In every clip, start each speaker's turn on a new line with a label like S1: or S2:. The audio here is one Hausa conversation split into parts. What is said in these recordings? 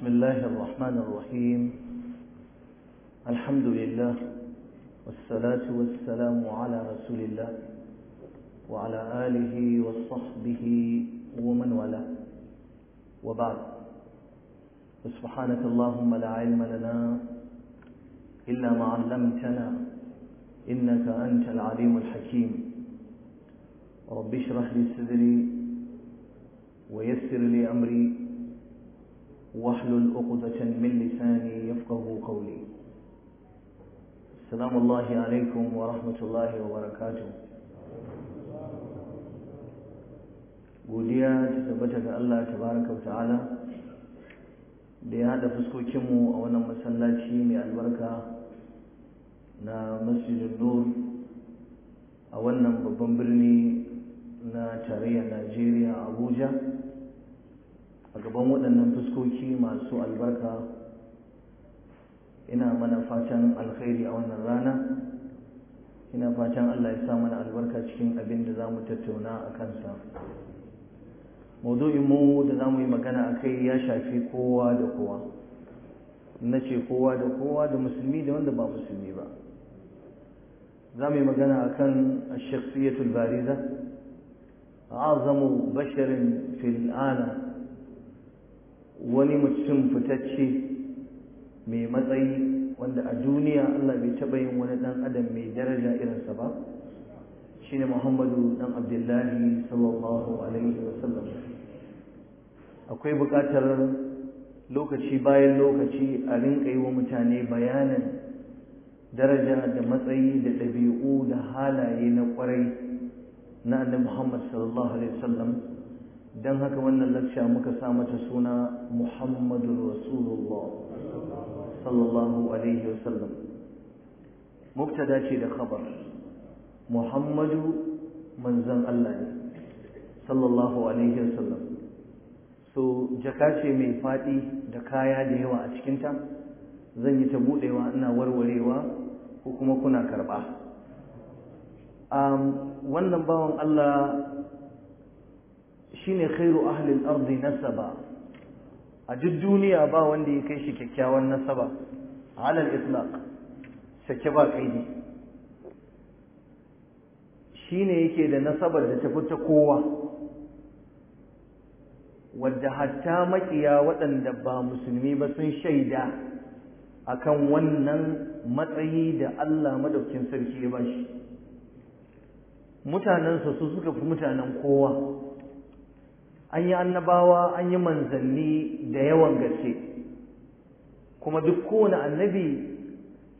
S1: بسم الله الرحمن الرحيم الحمد لله والصلاة والسلام على رسول الله وعلى آله وصحبه ومن والاه وبعد سبحانك اللهم لا علم لنا إلا ما علمتنا إنك أنت العليم الحكيم رب اشرح لي صدري ويسر لي أمري واحلل عقدة من لساني يفقه قولي السلام الله عليكم ورحمة الله وبركاته godiya ta tabbata ga Allah tabaraka wa ta'ala da ya haɗa fuskokinmu a wannan masallaci mai albarka na masjidin nur a wannan babban birni na tarayyar najeriya abuja a gaban waɗannan fuskoki masu albarka ina mana fatan alkhairi a wannan rana ina fatan Allah ya sa mana albarka cikin abin da za mu tattauna a kansa mu da za mu yi magana a kai ya shafi kowa da kowa na ce kowa da kowa da musulmi da wanda ba musulmi ba za mu yi magana a kan shakhsiyatul bariza azamu basharin fil'ana wani mutum fitacce mai matsayi wanda a duniya Allah bai taɓa yin wani ɗan adam mai daraja irinsa ba shine Muhammadu dan Abdullahi sallallahu alaihi wasallam akwai buƙatar lokaci bayan lokaci a rinka yi wa mutane bayanan daraja da matsayi da ɗabi'u da halaye na ƙwarai na annabi Muhammad sallallahu alaihi wasallam don haka wannan lakciya muka sa mata suna muhammadu rasulullah sallallahu alaihi wasallam muktada ce da khabar muhammadu manzan allah ne sallallahu alaihi wasallam so jaka ce mai faɗi da kaya da yawa a cikinta zan yi ta buɗewa ina warwarewa ko kuma kuna karɓa um, wannan bawan allah shine khairu ahli al-ardi nasaba a duk duniya ba wanda ya kai shi kyakkyawan nasaba ala al-itlaq sake ba kaidi shine yake da nasabar da tafi ta kowa wanda hatta makiya waɗanda ba musulmi ba sun shaida akan wannan matsayi da Allah madaukin sarki ya bashi mutanensa su suka fi mutanen kowa an yi annabawa an yi manzanni da yawan gaske kuma duk kowane annabi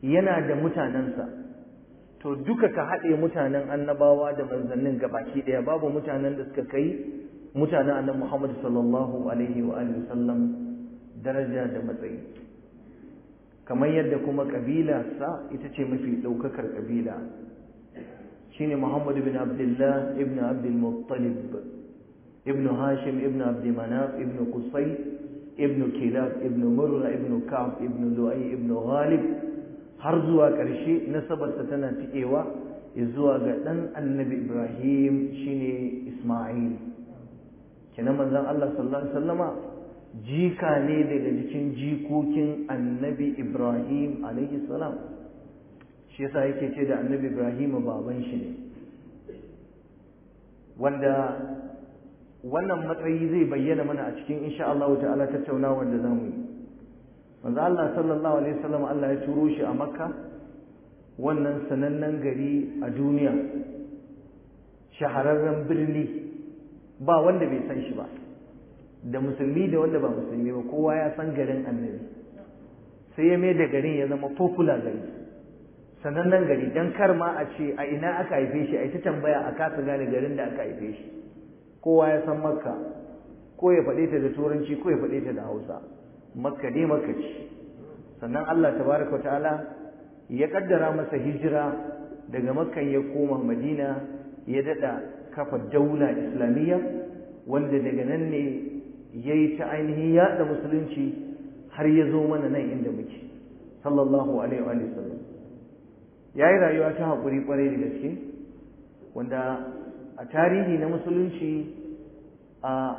S1: yana da mutanensa to duka ka haɗe mutanen annabawa da manzannin baki ɗaya babu mutanen da suka kai mutanen annan muhammadu sallallahu alaihi wa sallam daraja da matsayi kamar yadda kuma sa ita ce mafi ɗaukakar ƙabila shine muhammadu bin abdullah ibn abdul muttalib Ibnu hashim ibnu abd ibnu Kusai, ibnu ibn kilab ibn murra ibn ka'b ibn lu'ay ibn har zuwa ƙarshe nasabarsa tana ya zuwa ga ɗan annabi ibrahim shine isma'il kenan manzon Allah sallallahu alaihi jika ne daga jikin jikokin annabi ibrahim alaihi salam shi yasa yake ce da annabi ibrahim baban shi ne wanda wannan matsayi zai bayyana mana a cikin insha Allah ta'ala tattaunawar da zamu yi manzo Allah sallallahu alaihi wasallam Allah ya turo shi a Makka wannan sanannen gari a duniya shahararren birni ba wanda bai san shi ba da musulmi da wanda ba musulmi ba kowa ya san garin annabi sai ya mai da garin ya zama popular gari sanannen gari don kar ma a ce a ina aka haife shi a ita tambaya a kasa gane garin da aka haife shi kowa ya san makka ko ya faɗe ta da turanci ko ya faɗe ta da hausa makka dai makka ce sannan allah tabaraka ta'ala ya kaddara masa hijira daga makkan ya koma madina ya daɗa kafa daula islamiyya wanda daga nan ne ya yi ta ainihin yaɗa musulunci har ya zo mana nan inda muke sallallahu alaihi wa sallam ya yi rayuwa ta haƙuri ƙwarai da gaske wanda a tarihi na musulunci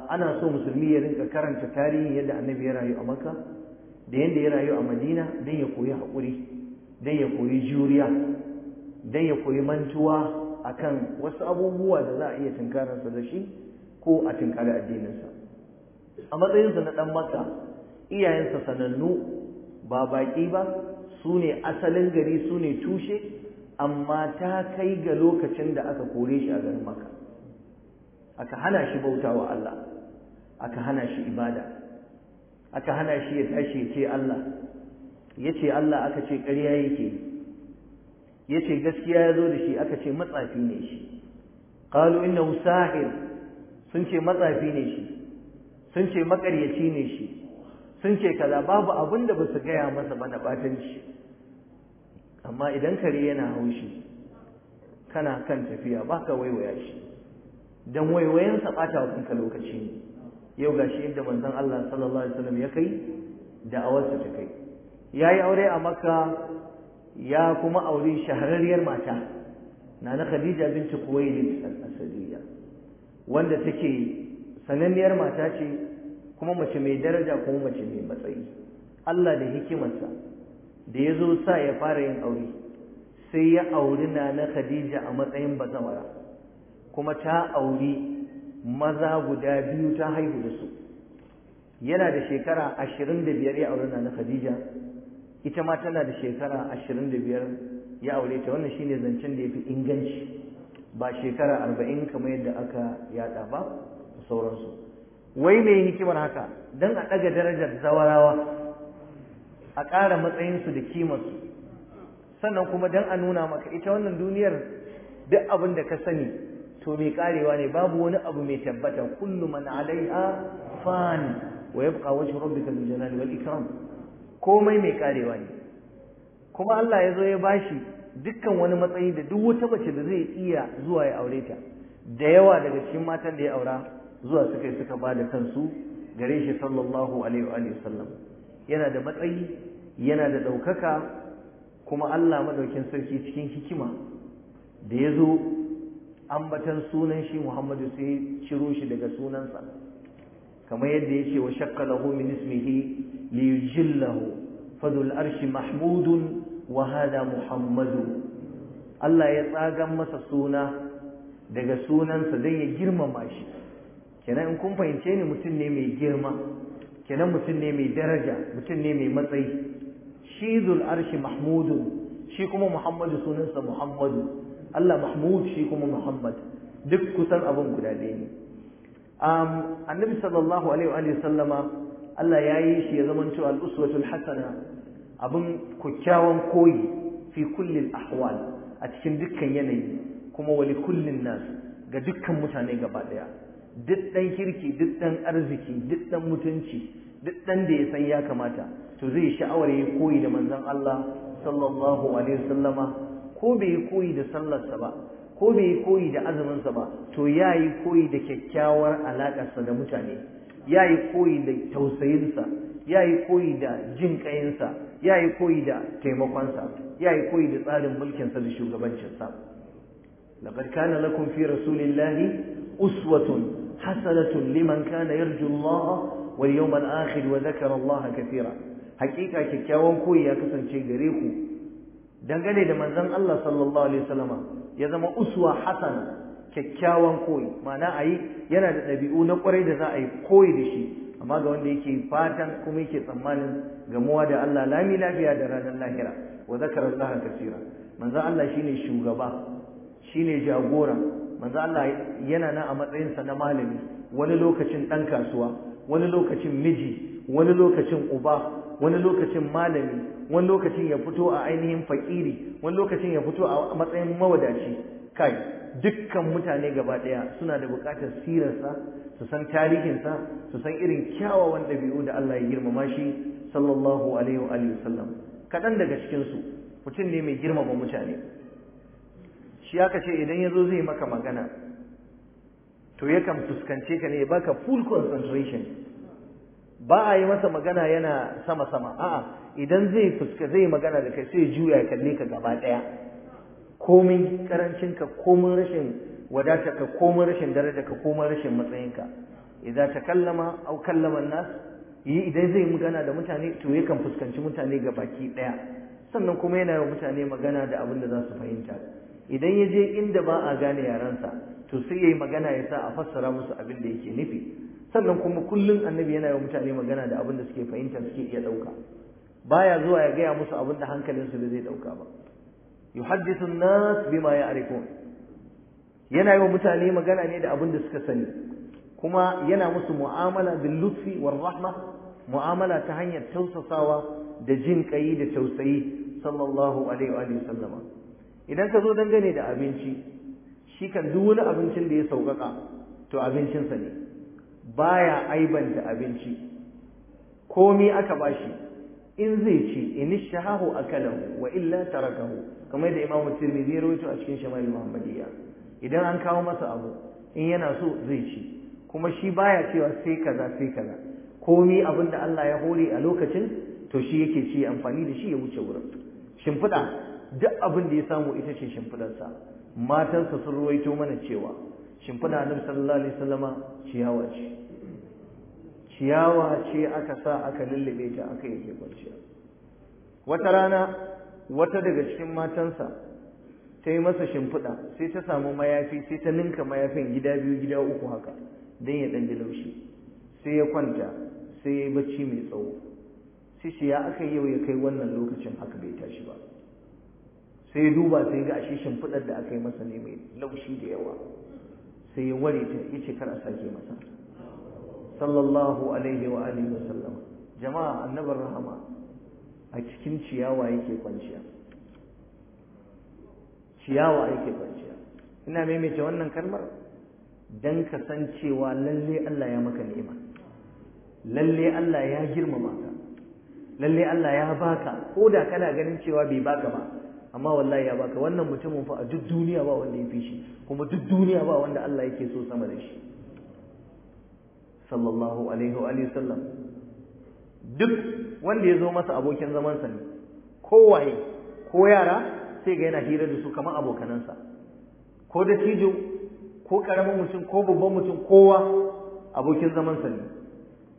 S1: ana so musulmi ya rinka karanta tarihi yadda annabi ya rayu a makka da yadda ya rayu a madina don ya koyi haƙuri don ya koyi juriya don ya koyi mantuwa a kan wasu abubuwa da za a iya tunkararsa da shi ko a tunkari addininsa a matsayinsa na ɗan maka, iyayensa sanannu ba baƙi ba su ne asalin gari su ne tushe amma ta kai ga lokacin da aka kore shi a garin maka aka hana shi bauta wa Allah aka hana shi ibada aka hana shi ya tashi ya ce Allah ya ce Allah aka ce ƙarya yake ya ce gaskiya ya zo da shi aka ce matsafi ne shi ƙalu inna sahir sun ce matsafi ne shi sun ce makaryaci ne shi sun ce kaza babu abin da ba su gaya masa ba na ɓatanci amma idan kare yana haushi kana kan tafiya ba ka waiwaya shi dan waiwayen sa wa kanka lokaci ne yau gashi yadda manzon Allah sallallahu alaihi wasallam ya kai da awarsa ta kai yayi aure a Makka ya kuma aure shahararriyar mata nana Khadija binti kuwaylid al-Asadiyya wanda take sananniyar mata ce kuma mace mai daraja kuma mace mai matsayi Allah da hikimarsa da ya zo sa ya fara yin aure sai ya auri nana Khadija a matsayin bazawara kuma ta auri maza guda biyu ta haihu da su yana da shekara ashirin da biyar ya aure na Khadija ita ma tana da shekara ashirin da biyar ya aure ta wannan shine zancen da ya fi inganci ba shekara arba'in kamar yadda aka yada ba sauransu wai mai hikimar haka don a ɗaga darajar zawarawa a ƙara matsayinsu da kimarsu sannan kuma don a nuna maka ita wannan duniyar duk abin da ka sani to mai karewa ne babu wani abu mai tabbata kullu man alaiha fan wa yabqa wajhu rabbika dhul jalali wal ikram komai mai karewa ne kuma Allah ya zo ya bashi dukkan wani matsayi da duk wata mace da zai iya zuwa ya aure ta da yawa daga cikin matan da ya aura zuwa suka yi suka bada kansu gare shi sallallahu alaihi wa alihi sallam yana da matsayi yana da daukaka kuma Allah madaukin sarki cikin hikima da ya zo ambatan sunan shi Muhammadu sai ciro shi daga sunansa kamar yadda yace wa shakka lahu min ismihi li yujillahu fadul arshi mahmudun wa hada muhammadu Allah ya tsagan masa suna daga sunansa dan ya girmama shi kenan in kun fahimce ni mutum ne mai girma kenan mutum ne mai daraja mutum ne mai matsayi shi zul arshi mahmudun shi kuma muhammadu sunansa muhammadu Allah Mahmud shi kuma Muhammad duk kusan abin guda ɗaya ne annabi sallallahu alaihi wa sallama Allah ya yi shi ya zamanto al-uswatul hasana abin kyakkyawan koyi fi kullin ahwal a cikin dukkan yanayi kuma wali kullin nas ga dukkan mutane gaba ɗaya. duk ɗan kirki duk ɗan arziki duk ɗan mutunci duk ɗan da ya san ya kamata to zai sha'awar ya koyi da manzon Allah sallallahu alaihi sallama. ko bai yi koyi da sallarsa ba ko bai yi koyi da azuminsa ba to ya yi koyi da kyakkyawar alaƙarsa da mutane ya yi koyi da tausayinsa ya yi koyi da jin ƙayinsa ya yi koyi da taimakonsa ya yi koyi da tsarin mulkinsa da shugabancinsa laqad kana lakum fi rasulillahi uswatun hasanatun liman kana yarju Allah wal yawmal akhir wa dhakara Allah kathira hakika kyakkyawan koyi ya kasance gare ku dangane da manzon Allah sallallahu alaihi wasallama ya zama uswa hasana kyakkyawan koyi ma'ana ayi yana da ɗabi'u na kwarai da za a yi koyi da shi amma ga wanda yake fatan kuma yake tsammanin gamuwa da Allah lami lafiya da ranar lahira wa zakara Allah kasira manzo Allah shine shugaba shine jagora manzo Allah yana nan a matsayin sa na malami wani lokacin dan kasuwa wani lokacin miji wani lokacin uba wani lokacin malami wani lokacin ya fito a ainihin fakiri wani lokacin ya fito a matsayin mawadaci kai dukkan mutane gaba ɗaya suna da bukatar sirarsa su san tarihinsa su san irin kyawawan ɗabi'u da Allah ya girmama shi sallallahu alaihi wa sallam kaɗan daga cikin su mutum ne mai girmama mutane shi aka ce idan ya zai maka magana to yakan fuskance ka ne baka full concentration ba a yi masa magana yana sama sama a'a idan zai fuska zai magana da kai sai juya ya kalle ka gaba daya komin karancin komin rashin wadata ka komin rashin daraja ka komin rashin matsayinka. idan ta kallama au kallama nas yi idan zai magana da mutane to yakan fuskanci mutane ga baki daya sannan kuma yana yi mutane magana da abin da za su fahimta idan ya je inda ba a gane yarensa to sai ya yi magana ya sa a fassara musu abin da yake nufi sannan kuma kullum annabi yana yi wa mutane magana da abin da suke fahimta suke iya ɗauka baya zuwa ya gaya musu abin da hankalinsu ba zai ɗauka ba yuhaddithu an-nas bima ya'rifun yana yi wa mutane magana ne da abin da suka sani kuma yana musu mu'amala bil lutfi war rahma mu'amala ta hanyar tausasawa da jin kai da tausayi sallallahu alaihi wa sallama idan ka zo dangane da abinci shi kan duk wani abincin da ya sauƙaƙa to abincinsa ne baya da abinci komi aka bashi in zai ci in shahahu akalahu wa illa tarakahu kamar da imamu tirmidhi rawaito a cikin shama'il muhammadiyya idan an kawo masa abu in yana so zai ci kuma shi baya cewa sai kaza sai kaza komi abin da Allah ya hore a lokacin to shi yake ci amfani da shi ya wuce wurin shimfiɗa duk abinda ya samu ita ce shimfiɗarsa matansa sun ruwaito mana cewa shimfiɗa annabi sallallahu alaihi sallama ciyawa ce ciyawa ce aka sa aka lullube ta aka yake kwanciya wata rana wata daga cikin matansa ta yi masa shimfiɗa sai ta samu mayafi sai ta ninka mayafin gida biyu gida uku haka don ya ɗan laushi sai ya kwanta sai ya yi bacci mai tsawo sai shi ya aka yau ya kai wannan lokacin haka bai tashi ba sai ya duba sai ga ashe shimfiɗar da aka yi masa ne mai laushi da yawa sai ya ware ta ya ce kar a sake masa sallallahu alaihi wa alihi wa sallama jama'a annabar rahama a cikin ciyawa yake kwanciya ciyawa yake kwanciya ina maimaita wannan kalmar dan ka san cewa lalle Allah ya maka ni'ima lalle Allah ya girmama ka lalle Allah ya baka ko da kana ganin cewa bai baka ba amma wallahi ya baka wannan mutumin fa a duk duniya ba wanda ya fi shi kuma duk duniya ba wanda Allah yake so sama da shi sallallahu alaihi wa alihi sallam duk wanda ya zo masa abokin zaman sa ne kowaye ko yara sai ga yana hira da su kamar abokanansa ko da tijo ko karamin mutum ko babban mutum kowa abokin zaman sa ne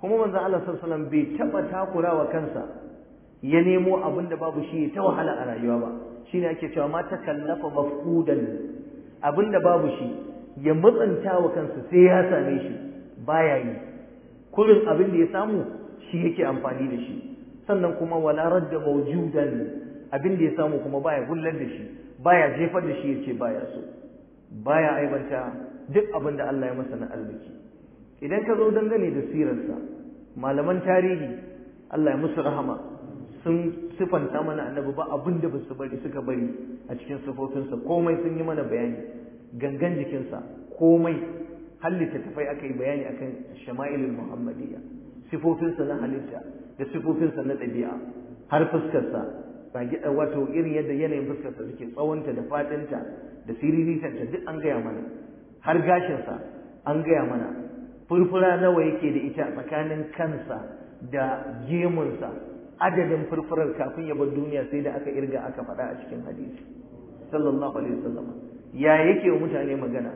S1: kuma manzon Allah sallallahu alaihi sallam bai taba takurawa kansa ya nemo abin babu shi ya ta wahala a rayuwa ba shine ake cewa mata kallafa mafqudan abinda babu shi ya matsanta wa kansa sai ya same shi baya yi kurin abin da ya samu shi yake amfani da shi sannan kuma wala radda mawjudan abin da ya samu kuma baya gullar da shi baya jefar da shi yace baya so baya aibanta duk abin da Allah ya masa na idan ka zo dangane da sirarsa malaman tarihi Allah ya musu rahama sun sifanta mana annabi ba abin da su bari suka bari a cikin sifofinsa komai sun yi mana bayani gangan jikinsa komai har littattafai aka yi bayani akan shama'ilul muhammadiyya sifofinsa na halitta da sifofinsa na ɗabi'a har fuskarsa ba wato irin yadda yanayin fuskarsa suke tsawonta da faɗinta da siriritanta duk an gaya mana har gashinsa an gaya mana furfura nawa yake da ita tsakanin kansa da gemunsa adadin furfurar kafin ya bar duniya sai da aka irga aka faɗa a cikin hadisi sallallahu alaihi wasallam ya yake wa mutane magana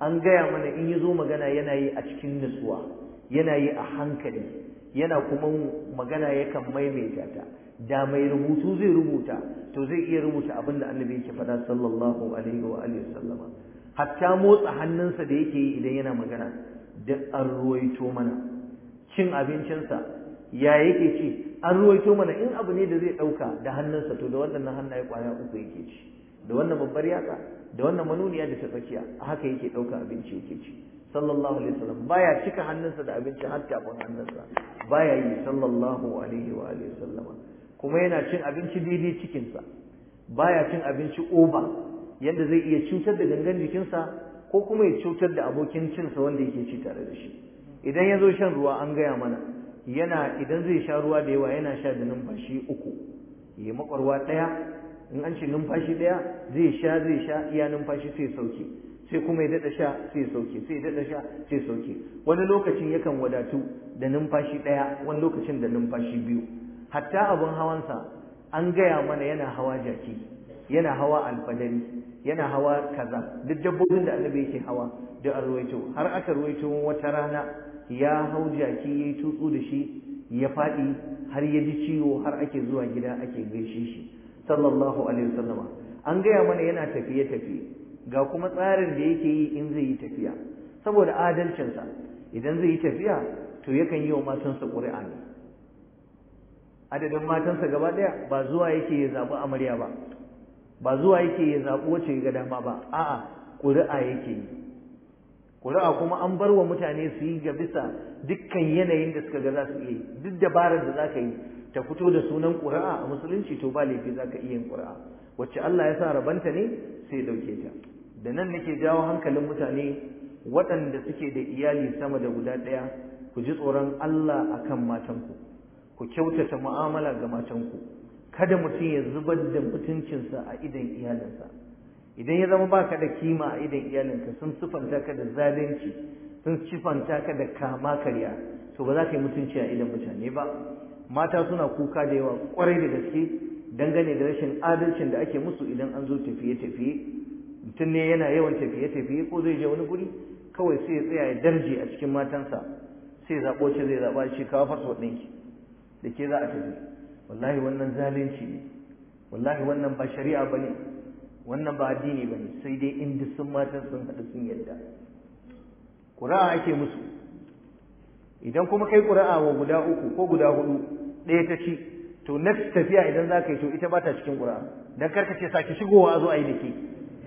S1: an gaya mana in zo magana yana yi a cikin nutsuwa yana yi a hankali yana kuma magana yakan maimaita ta da mai rubutu zai rubuta to zai iya rubuta abin da annabi yake faɗa sallallahu alaihi wa alihi wasallam hatta motsa hannunsa da yake yi idan yana magana Da an ruwaito mana cin abincinsa ya yake ci an ruwaito mana in abu ne da zai ɗauka da hannunsa to da wannan hannaye ƙwaya uku yake ci da wannan babbar yatsa da wannan manuniya da ta tsakiya a haka yake ɗauka abinci yake ci sallallahu alaihi wasallam baya cika hannunsa da abinci har tafin hannunsa baya yi sallallahu alaihi wa alihi kuma yana cin abinci daidai cikinsa baya cin abinci oba yadda zai iya cutar da gangan jikinsa ko kuma ya cutar da abokin cinsa wanda yake ci tare da shi idan ya zo shan ruwa an gaya mana yana idan zai sha ruwa da yawa yana sha da numfashi uku ya makwarwa ɗaya in an ce numfashi ɗaya zai sha zai sha iya numfashi sai sauke sai kuma ya daɗa sha sai sauke sai ya daɗa sha sai sauke wani lokacin yakan wadatu da numfashi ɗaya wani lokacin da numfashi biyu hatta abin sa, an gaya mana yana hawa jaki yana hawa alfadari yana hawa kaza duk dabbobin da annabi yake hawa da arwaito har aka ruwaito wata rana ya hau jaki ya yi tutsu da shi ya faɗi har ya ji ciwo har ake zuwa gida ake gaishe shi sallallahu alaihi wasallama an gaya mana yana tafiye tafiye ga kuma tsarin da yake yi in zai yi tafiya saboda adalcinsa idan zai yi tafiya to yakan yi wa matansa ƙuri'a ne adadin matansa gaba ɗaya ba zuwa yake ya zaɓi amarya ba ba zuwa yake ya zaɓi wacce ga dama ba a'a ƙuri'a yake yi ƙuri'a kuma an bar wa mutane su yi ga bisa dukkan yanayin da suka ga za su iya duk dabarar da za ka yi ta fito da sunan ƙuri'a a musulunci to ba laifi za ka iya yin ƙuri'a wacce Allah ya sa rabanta ne sai ɗauke ta da nan nake jawo hankalin mutane waɗanda suke da iyali sama da guda ɗaya ku ji tsoron Allah a kan matanku ku kyautata mu'amala ga matanku kada mutum ya zubar da mutuncinsa a idon iyalinsa idan ya zama baka da kima a idan iyalinka sun sufanta ka da zalunci sun sufanta ka da kama karya to ba za ka yi mutunci a idan mutane ba mata suna kuka da yawa kwarai da gaske dangane da rashin adalcin da ake musu idan an zo tafiye-tafiye mutum ne yana yawan tafiye-tafiye ko zai je wani guri kawai sai ya tsaya ya darje a cikin matansa sai zaɓo ce zai zaɓa shi kawo farsa ɗinki da ke za a tafi wallahi wannan zalunci ne wallahi wannan ba shari'a ba ne wannan ba addini ba ne sai dai in duk sun matan sun haɗu sun yadda ƙura'a ake musu idan kuma kai ƙura'a wa guda uku ko guda hudu ɗaya ta ci to na tafiya idan za ka yi to ita ba ta cikin ƙura'a don karka ce sake shigowa a zo a yi dake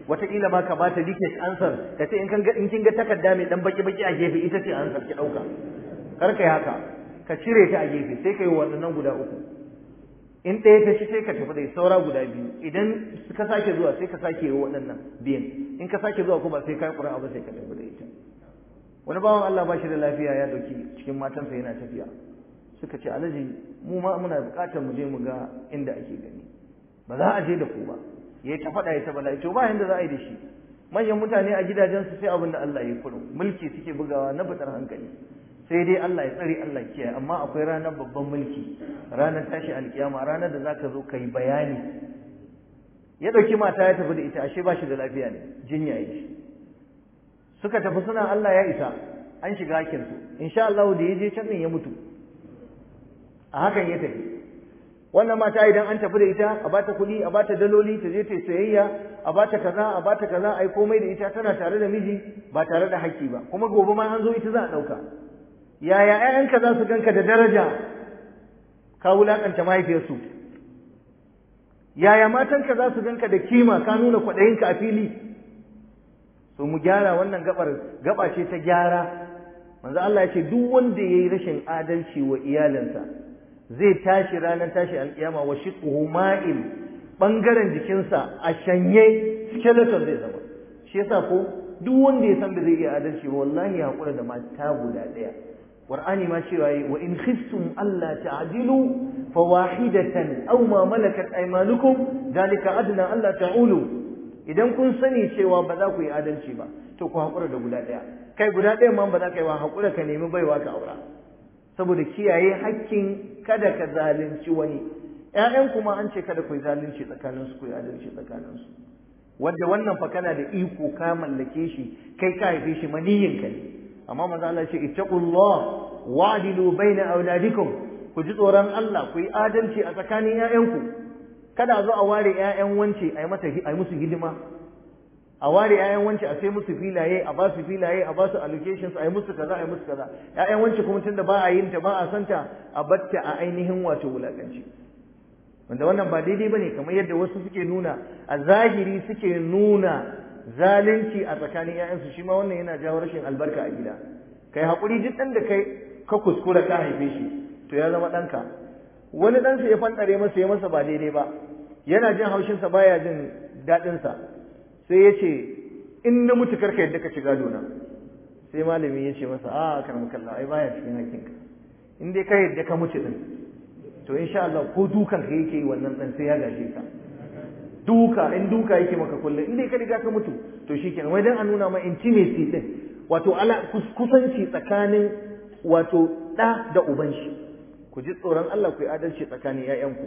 S1: wataƙila ma ka bata leakage ansar ka ce in kin ga takarda mai ɗan baki-baki a gefe ita ce ansar ki ɗauka kar ka yi haka ka cire ta a gefe sai ka yi waɗannan guda uku in ɗaya ta shi sai ka tafi da saura guda biyu idan ka sake zuwa sai ka sake yi waɗannan biyan in ka sake zuwa kuma sai ka yi ƙura'a ba sai ka tafi da ita wani bawan Allah ba shi da lafiya ya ɗauki cikin matansa yana tafiya suka ce alaji mu ma muna buƙatar mu je mu ga inda ake gani ba za a je da ku ba ya ta faɗa ya ta bala'i to ba yanda za a yi da shi manyan mutane a gidajen su sai abin da Allah ya yi kuro mulki suke bugawa na fitar hankali sai dai Allah ya tsare Allah kiyaye amma akwai ranar babban mulki ranar tashi alkiyama ranar da zaka zo kai bayani ya dauki mata ya tafi da ita ashe bashi da lafiya ne jinya yake suka tafi suna Allah ya isa an shiga hakin su insha Allah da yaje can ya mutu a hakan ya tafi wannan mata idan an tafi da ita a bata kuɗi a bata daloli ta je ta sayayya a bata kaza a bata kaza ai komai da ita tana tare da miji ba tare da haƙƙi ba kuma gobe ma an zo ita za a ɗauka yaya ƴaƴanka za su ganka da daraja ka wulakanta mahaifiyarsu yaya matanka za su ganka da kima ka nuna kwaɗayinka a fili so mu gyara wannan gabar gaba ce ta gyara manzo Allah ya ce duk wanda yayi rashin adalci wa iyalinsa zai tashi ranar tashi alkiyama wa shiquhu ma'il bangaren jikinsa a shanye skeleton zai zama shi yasa ko duk wanda ya san ba zai iya adalci ba wallahi ya hakura da mata guda ɗaya qur'ani ma cewa yi wa in khiftum alla ta'dilu fawahidatan aw ma malakat aymanukum dalika adna alla ta'ulu idan kun sani cewa ba za ku yi adalci ba to ku hakura da guda daya kai guda daya ma ba za ka yi wa hakura ka nemi baiwa ka aura saboda kiyaye hakkin kada ka zalunci wani ƴaƴan kuma an ce kada ku yi zalunci tsakaninsu ku yi adalci tsakaninsu wanda wannan fa kana da iko ka mallake shi kai ka haife shi maniyin ka ne amma maza Allah ce ittaqullah wa'dilu baina auladikum ku ji tsoron Allah ku yi adalci a tsakanin 'ya'yanku. kada a zo a ware ƴaƴan wance a mata musu hidima a ware 'ya'yan wance a sai musu filaye a ba su filaye a ba su allocations a yi musu kaza a yi musu kaza ƴaƴan wance kuma tunda ba a yin ta ba a santa a batta a ainihin wato wulakanci wanda wannan ba daidai bane kamar yadda wasu suke nuna a zahiri suke nuna zalunci a tsakanin ƴaƴansu shi ma wannan yana jawo rashin albarka a gida kai hakuri duk ɗan da kai ka kuskura ka haife shi to ya zama ɗanka wani ɗansa ya fanɗare masa ya masa ba daidai ba yana jin haushinsa baya jin daɗinsa sai ya ce in na mutu karka yadda ka ci gado na sai malami ya ce masa a ah, kalla, ai baya cikin hakinka in dai ka yadda ka mutu din to insha Allah ko dukan ka yake yi wannan ɗan sai ya gaje ka duka in duka yake maka kullum in dai ka riga ka mutu to shikenan wai dan a nuna ma intimacy din wato ala kusanci tsakanin wato da da uban shi ku ji tsoron Allah ku yi adalci tsakanin 'ya'yanku.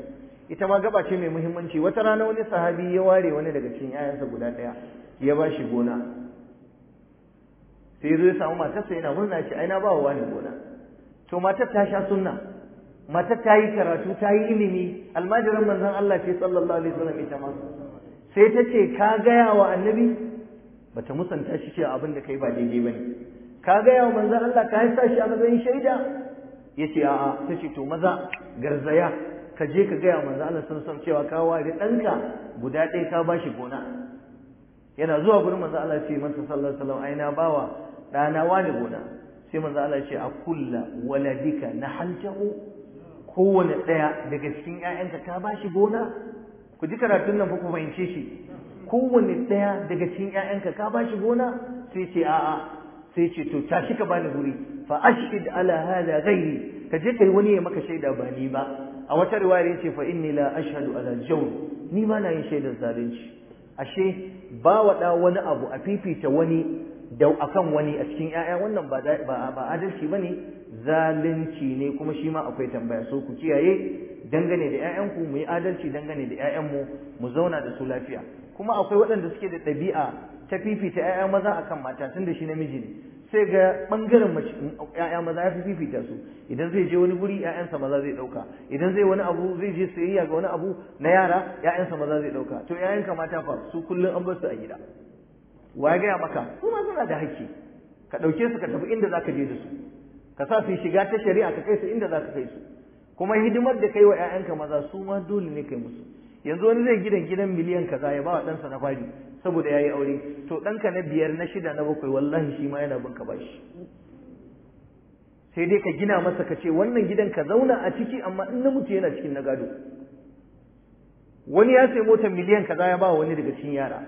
S1: ita ma gaba ce mai muhimmanci wata rana wani sahabi ya ware wani daga cikin 'ya'yansa guda ɗaya ya ba shi gona sai zai ya samu matarsa yana murna shi ai ba wa wani gona to matar ta sha sunna mata ta yi karatu ta yi ilimi almajirin manzon Allah ce sallallahu alaihi wasallam ita ma sai ta ce ka gaya wa annabi bata musanta shi ce abin da kai ba daidai bane ka gaya wa manzon Allah ka haisa shi a matsayin shaida yace a'a ta ce to maza garzaya ka je ka gaya wa manzon Allah sun cewa ka ware ɗanka guda ɗaya ka bashi gona yana zuwa gurin manzon Allah ce masa sallallahu alaihi wasallam bawa ɗana wani gona sai manzon Allah ce a kulla waladika na haljahu kowane ɗaya daga cikin ‘ya'yanka ta ba shi gona ku ji karatun nan ku fahimce shi kowane ɗaya daga cikin ‘ya'yanka ka ba shi gona sai ce a'a sai ce to ta shi ka bani guri fa Allah ala hada gairi, ka je ka yi wani ya maka shaida ba ni ba a wata riwaya ce fa inni la ashadu ala jawr ni ma na yin shaidar zalunci ashe ba waɗa wani abu a fifita wani da akan wani a cikin ‘ya'ya wannan ba adalci ba ne? zalunci ne kuma shi ma akwai tambaya so ku kiyaye dangane da ƴaƴanku mu yi adalci dangane da ƴaƴanmu mu zauna da su lafiya kuma akwai waɗanda suke da ɗabi'a ta fifita ƴaƴa maza akan mata da shi namiji ne sai ga bangaren ƴaƴa maza ya fi fifita su idan zai je wani guri ƴaƴansa maza zai ɗauka idan zai wani abu zai je sayayya ga wani abu na yara ƴaƴansa maza zai ɗauka to ƴaƴanka mata fa su kullum an bar su a gida wa ya gaya maka su ma suna da hakki ka ɗauke su ka tafi inda za ka je da su ka sa su shiga ta shari'a ka kai su inda za ka kai su kuma hidimar da kai wa 'ya'yanka maza su ma dole ne kai musu yanzu wani zai gidan gidan miliyan kaza ya ba wa ɗansa na fari saboda ya yi aure to ɗanka na biyar na shida na bakwai wallahi shi ma yana bin ka bashi sai dai ka gina masa ka ce wannan gidan ka zauna a ciki amma in na mutu yana cikin na gado wani ya sai motar miliyan kaza ya ba wani daga cikin yara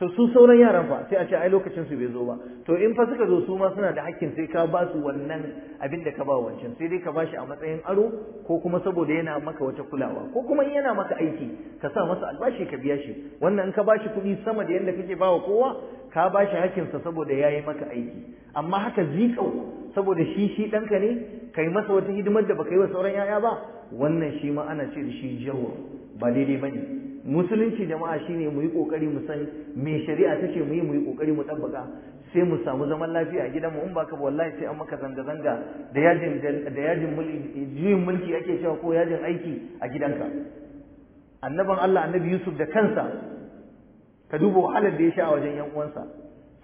S1: to su sauran yaran fa sai a ce ai lokacin su bai zo ba to in fa suka zo su ma suna da hakkin sai ka ba su wannan abin da ka ba wancan sai dai ka ba shi a matsayin aro ko kuma saboda yana maka wata kulawa ko kuma in yana maka aiki ka sa masa albashi ka biya shi wannan in ka ba shi kuɗi sama da yadda kake bawa kowa ka ba shi sa saboda ya yi maka aiki amma haka zika saboda shi shi ɗanka ne kai masa wata hidimar da baka yi wa sauran 'ya'ya ba wannan shi ma ana ce da shi jawo ba daidai ba ne musulunci jama'a shine mu yi kokari mu san me shari'a tace mu yi mu yi kokari mu tabbaka sai mu samu zaman lafiya a gidanmu in baka wallahi sai an maka zanga zanga da yajin da yajin mulki mulki ake cewa ko yajin aiki a gidanka annaban Allah annabi Yusuf da kansa ka duba wahalar da ya sha a wajen yan uwansa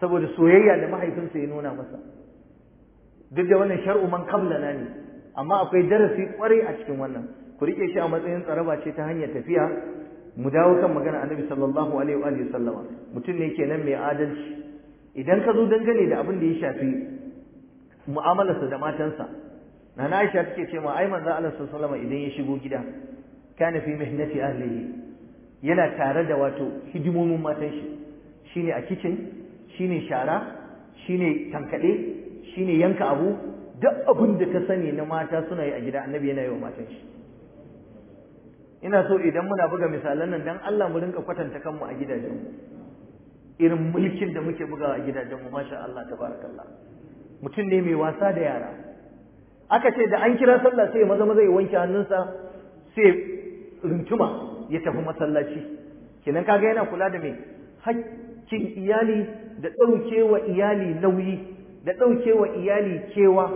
S1: saboda soyayya da mahaifinsa ya nuna masa duk da wannan shar'u man qablana ne amma akwai darasi kwarai a cikin wannan ku rike shi a matsayin tsaraba ce ta hanyar tafiya mu dawo kan magana annabi sallallahu alaihi wa sallama mutum ne kenan mai adalci idan ka zo dangane da abin da ya shafi mu'amalarsa da matansa na Aisha take ce ma ai manzo Allah sallallahu alaihi idan ya shigo gida kana fi mihnati ahlihi yana tare da wato hidimomin matan shi shine a kitchen shine shara shine tankade shine yanka abu duk abin da ka sani na mata suna yi a gida annabi yana yi wa matan shi ina so idan muna buga misalan nan dan Allah mu rinka kwatanta kanmu a gidajenmu irin mulkin da muke bugawa a gidajenmu masha Allah tabarakallah mutum ne mai wasa da yara aka ce da an kira sallah sai maza maza ya wanke hannunsa sai runtuma ya tafi masallaci kenan kaga yana kula da me hakkin iyali da ɗaukewa iyali nauyi da ɗaukewa iyali kewa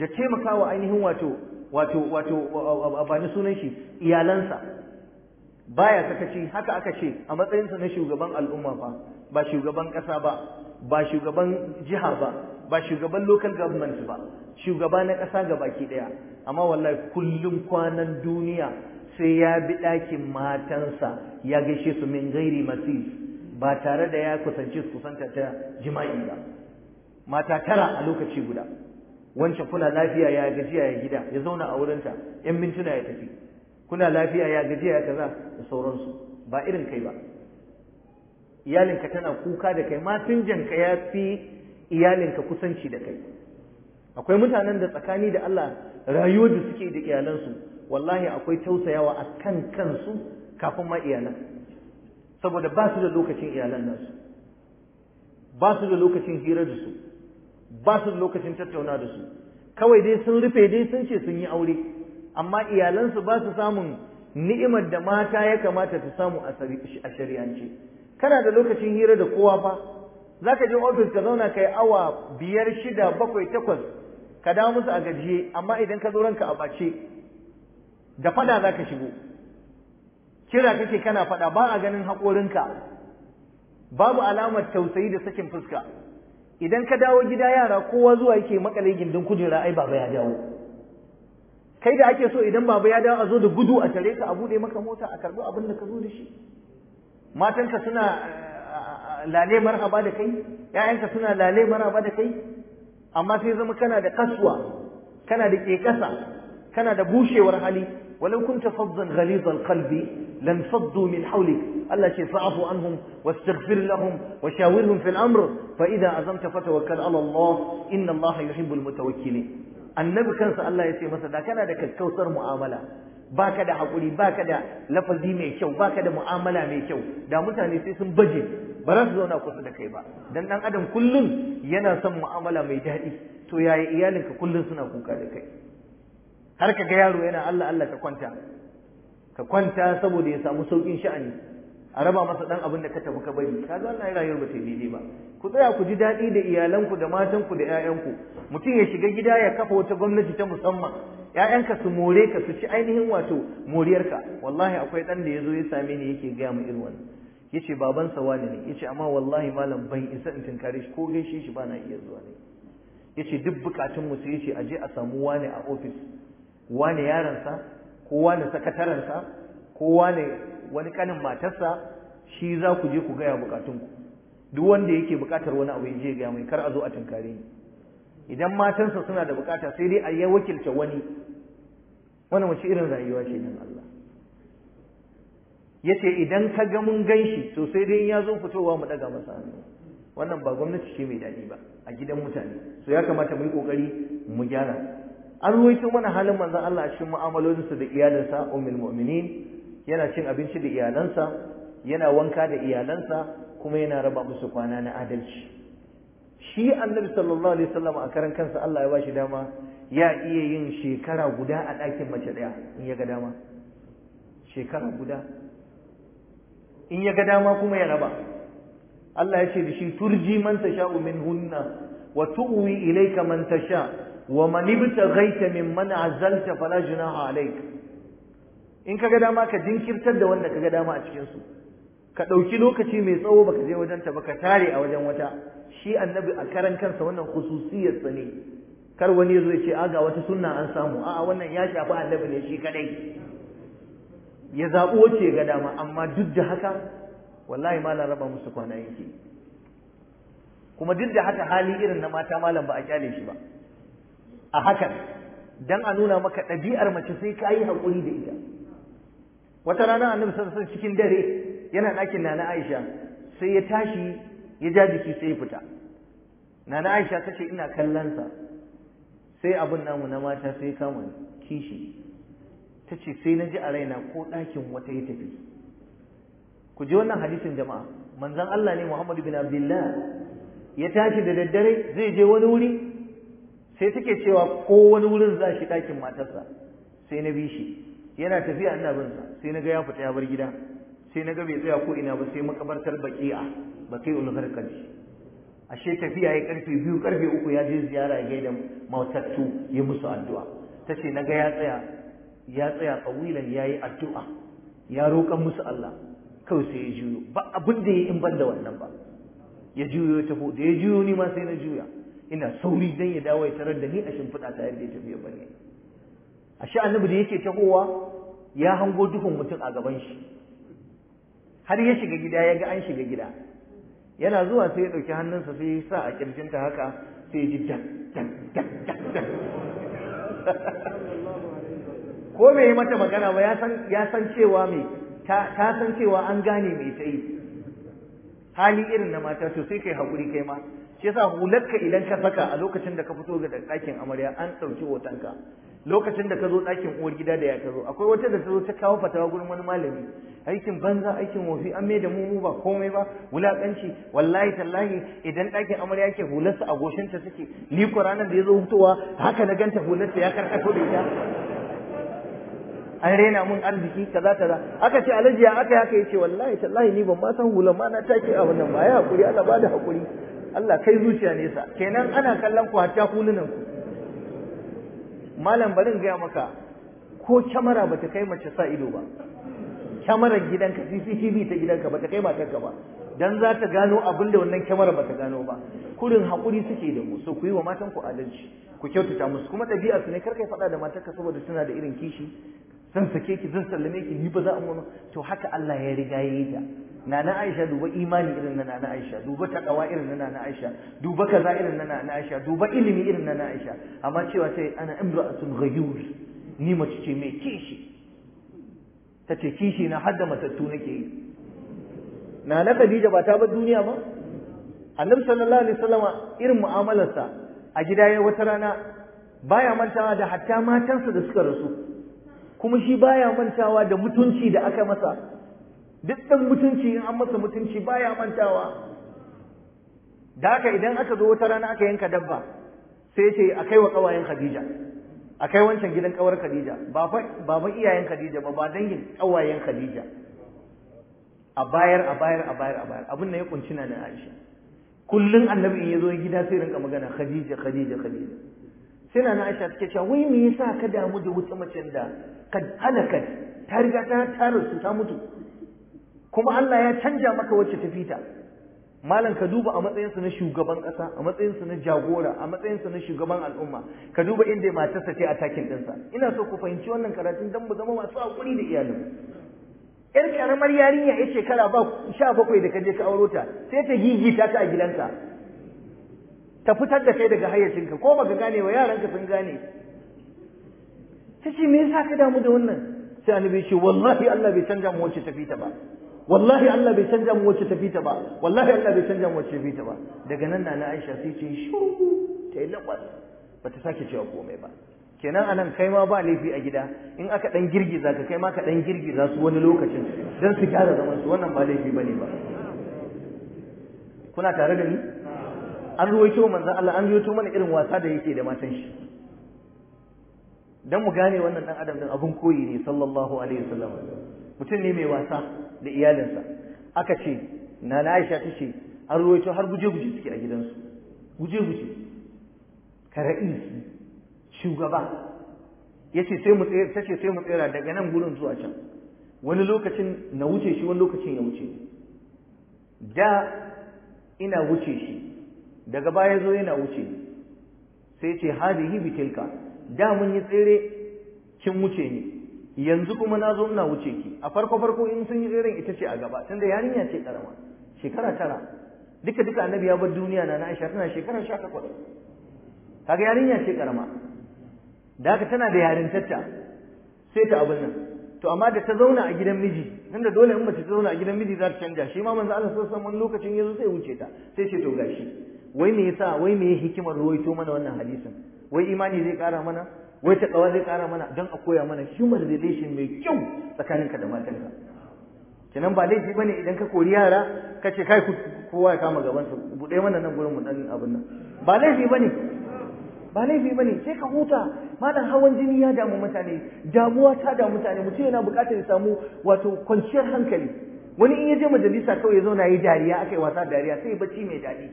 S1: da taimakawa ainihin wato wato wato abani sunan shi iyalansa baya sakaci haka aka ce a matsayinsa na shugaban al'umma ba ba shugaban ƙasa ba ba shugaban jiha ba ba shugaban local government ba shugaba na ƙasa ga baki ɗaya amma wallahi kullum kwanan duniya sai ya bi ɗakin matansa ya gaishe su min gairi masi ba tare da ya kusance su kusanta ta jima'i ba mata tara a lokaci guda wancan kuna lafiya ya gajiya ya gida ya zauna a wurinta yan mintuna ya tafi kuna lafiya ya gajiya ya kaza da sauransu ba irin kai ba iyalinka tana kuka da kai janka ya fi iyalinka kusanci da kai akwai mutanen da tsakani da Allah rayuwar da suke da iyalansu wallahi akwai tausayawa a kan kansu kafin ma iyalan saboda ba su da lokacin iyalan nasu ba su da lokacin hira da su ba su lokacin tattauna da su kawai dai sun rufe dai sun ce sun yi aure amma iyalansu ba su samun ni'imar da mata ya kamata su samu a shari'ance kana da lokacin hira da kowa fa za ka je ofis ka zauna kai awa biyar shida bakwai takwas ka dawo musu a gajiye amma idan ka zo ranka a bace da fada za ka shigo kira kake kana fada ba a ganin haƙorinka babu alamar tausayi da sakin fuska idan ka dawo gida yara kowa zuwa yake makale gindin kujera ai baba ya dawo kai da ake so idan baba ya dawo a zo da gudu a tare ka a bude maka mota a karbi abin da ka zo da shi matanka suna eh, lale marhaba da kai ƴaƴanka suna lale marhaba da kai amma sai zama kana da kasuwa, kana da kekasa kana da bushewar hali ولو كنت فظا غليظ القلب Allah من حولك الله شيء فاعف عنهم واستغفر لهم وشاورهم في الأمر فإذا أزمت فتوكل على الله إن الله يحب المتوكلين annabi kansa Allah ya ce masa da kana da kakkautar mu'amala baka da hakuri baka da lafazi mai kyau baka da mu'amala mai kyau da mutane sai sun baje ba za su zauna kusa da kai ba dan dan adam kullum yana son mu'amala mai daɗi to yaya iyalinka kullum suna kuka da kai har ka ga yaro yana Allah Allah ka kwanta ka kwanta saboda ya samu saukin sha'ani a raba masa dan abin da ka tafi ka bari ka ga wannan rayuwar ba ta dai ba ku tsaya ku ji daɗi da iyalanku da matanku da ƴaƴanku mutum ya shiga gida ya kafa wata gwamnati ta musamman ƴaƴanka su more ka su ci ainihin wato moriyarka wallahi akwai dan da ya zo ya same ni yake gaya min irin wannan yace babansa wani ne yace amma wallahi malam ban isa in tinkare shi ko gaishe shi ba na iya zuwa ne yace duk bukatun mu sai yace aje a samu wani a office wane yaransa ko wane sakatarensa ko wane wani kanin matarsa shi za ku je ku gaya bukatunku duk wanda yake bukatar wani abu ya je gaya mai kar a zo a tunkare ni idan matansa suna da bukata sai dai a yi wakilta wani wannan wace irin rayuwa ce nan Allah yace idan ka ga mun ganshi to sai dai ya zo fitowa mu daga masa hannu wannan ba gwamnati ce mai dadi ba a gidan mutane so ya kamata mu yi kokari mu gyara an ruwaito mana halin manzon Allah a cikin mu'amalolinsa da iyalinsa ummul mu'minin yana cin abinci da iyalansa yana wanka da iyalansa kuma yana raba musu kwana na adalci shi annabi sallallahu alaihi wasallam a karan kansa Allah ya bashi dama ya iya yin shekara guda a ɗakin mace ɗaya in ya ga dama shekara guda in ya ga dama kuma ya raba Allah ya ce da shi turji man tasha'u minhunna wa tu'wi ilayka man tasha' wa man ibtaghaita mimman azalta fala junaha alayk in kaga dama ka jinkirtar da wanda kaga dama a cikin su ka dauki lokaci mai tsawo baka je wajen ta ba ka tare a wajen wata shi annabi a karan kansa wannan khususiyar sa ne kar wani zo ya ce aga ga wata sunna an samu a'a wannan ya shafi annabi ne shi kadai ya zaɓi wace ga dama amma duk da haka wallahi malam raba musu kwana yake kuma duk da haka hali irin na mata malam ba a kyale shi ba a hakan dan a nuna maka ɗabi'ar mace sai ka yi hakuri da ita wata rana annabi sallallahu cikin dare yana ɗakin nana Aisha sai ya tashi ya ja jiki sai ya fita nana Aisha tace ina kallon sa sai abin namu na mata sai kama kishi ta sai na a raina ko ɗakin wata ya tafi ku ji wannan hadisin jama'a manzon Allah ne Muhammad bin Abdullah ya tashi da daddare zai je wani wuri sai suke cewa ko wani wurin za shi ɗakin matarsa sai na bi shi yana tafiya ina bin sa sai na ga ya fita ya bar gida sai na ga bai tsaya ko ina ba sai makabartar baki'a harkar shi. ashe tafiya ya karfe biyu karfe uku ya je ziyara ya gaida matattu ya musu addu'a tace na ga ya tsaya ya tsaya tsawilan yayi addu'a ya roƙan musu Allah kawai sai ya juyo ba abin da ya in ban da wannan ba ya juyo ya tafi da ya juyo ni ma sai na juya ina sauri dan ya dawo ya tarar da ni a shimfiɗa ta yadda ya tafi ya bane a sha annabi da yake tahowa ya hango duhun mutum a gaban shi har ya shiga gida ya ga an shiga gida yana zuwa sai ya ɗauki hannunsa sai ya sa a kirjinta haka sai ya ji dan dan dan dan ko me yi mata magana ba ya san cewa me ta san cewa an gane me ta hali irin na mata to sai kai hakuri kai ma shi yasa hularka idan ka saka a lokacin da ka fito ga dakin amarya an ɗauki ka lokacin da ka zo dakin uwar gida da ya ka zo akwai wata da ta zo ta kawo fatawa gurin wani malami aikin banza aikin wofi an mai da mu mu ba komai ba wulaƙanci wallahi tallahi idan dakin amarya yake hularsa a goshinta take ni ko ranar da ya zo fitowa haka na ganta hularsa ya karkato da ita an rena mun arziki kaza kaza aka ce alhaji ya aka yi yace wallahi tallahi ni ban ma san hular ma na take a wannan ba ya hakuri Allah ba da hakuri Allah kai zuciya nesa kenan ana kallon ku hatta hulunan ku malam barin gaya maka ko kyamara bata kai mace sa ido ba kyamarar gidanka CCTV ta gidanka bata kai matarka ba dan za ta gano abin da wannan kyamarar bata gano ba kurin hakuri suke da mu so ku yi wa matan ku adalci ku kyautata musu kuma ɗabi'a su ne kar kai faɗa da matarka saboda suna da irin kishi zan sake ki zan sallame ki ni ba za a to haka Allah ya riga ya ta nana Aisha duba imani irin na nana Aisha duba takawa irin na nana Aisha duba kaza irin na nana Aisha duba ilimi irin na nana Aisha amma cewa sai ana imra'atun ghayur ni mace ce mai kishi tace kishi na hadda matattu nake yi nana Khadija ba ta bar duniya ba Annabi sallallahu alaihi wasallama irin mu'amalarsa a gida ya wata rana baya mantawa da hatta matansa da suka rasu kuma shi baya mantawa da mutunci da aka masa duk ɗan mutunci in an masa mutunci baya mantawa da haka idan aka zo wata rana aka yanka dabba sai ce a kai wa ƙawayen khadija a kai wancan gidan ƙawar khadija ba ba iyayen khadija ba ba dangin ƙawayen khadija a bayar a bayar a bayar a bayar abin da ya kunci na aisha kullum annabi in ya zo gida sai rinka magana khadija khadija khadija sai na aisha take cewa wai me yasa ka damu da wata macen da kad halakat ta riga ta tara ta mutu kuma Allah ya canja maka wacce ta fita malam ka duba a matsayinsa na shugaban kasa, a matsayinsa na jagora a matsayinsa na shugaban al'umma ka duba inda matarsa ce a takin ɗinsa ina so ku fahimci wannan karatun don mu zama masu haƙuri da iyalin yar karamar yarinya ya shekara ba sha bakwai da ka je ka auro ta sai ta gigita ta a gidanka ta fitar da kai daga hayyacinka ko baka gane wa yaranka sun gane ta ce me yasa ka damu da wannan sai annabi ce wallahi Allah bai canja mu wacce ta fita ba wallahi Allah bai canja mu wacce tafi ta ba wallahi Allah bai canja mu wacce tafi ta ba daga nan na Aisha sai ce shuru ta yi lakwat bata sake cewa komai ba kenan anan kai ma ba laifi a gida in aka dan girgiza ka kai ma ka dan girgiza su wani lokacin dan su kyara zaman su wannan ba laifi bane ba kuna tare da ni an ruwaito manzon Allah an ruwaito mana irin wasa da yake da matan shi dan mu gane wannan dan adam din abun koyi ne sallallahu alaihi wasallam mutum ne mai wasa da iyalinsa aka ce na na'isha aisha ta ce an ruwaito har guje-guje suke a gidansu guje-guje kara'isi shugaba ya ce sai mu ta ce sai mu daga nan gurin zuwa can wani lokacin na wuce shi wani lokacin ya wuce da ina wuce shi daga baya zo yana wuce sai ce hadihi bitilka da mun yi tsere kin wuce ni yanzu kuma na zo ina wuce ki a farko farko in sun yi tseren ita ce a gaba Tun da yarinya ce karama shekara tara duka duka annabi ya bar duniya na Aisha tana shekara 18 kaga yarinya ce karama da haka tana da yarintarta sai ta abin nan to amma da ta zauna a gidan miji tunda dole in mace ta zauna a gidan miji za ta canja shi ma manzo Allah sallallahu alaihi wasallam lokacin yazo sai wuce ta sai ce to gashi wai me yasa wai me hikimar ruwaito mana wannan hadisin wai imani zai kara mana wai ta tsawa zai kara mana don a koya mana human relation mai kyau tsakaninka da matanka kenan ba laifi bane idan ka kori yara ka ce kai kowa ya kama gaban sa bude mana nan gurin mu dan abin nan ba laifi bane ba laifi bane sai ka huta malam hawan jini ya damu mutane damuwa ta damu mutane mutum yana buƙatar ya samu wato kwanciyar hankali wani in ya je majalisa kawai ya zauna yi dariya akai wasa dariya sai bacci mai daɗi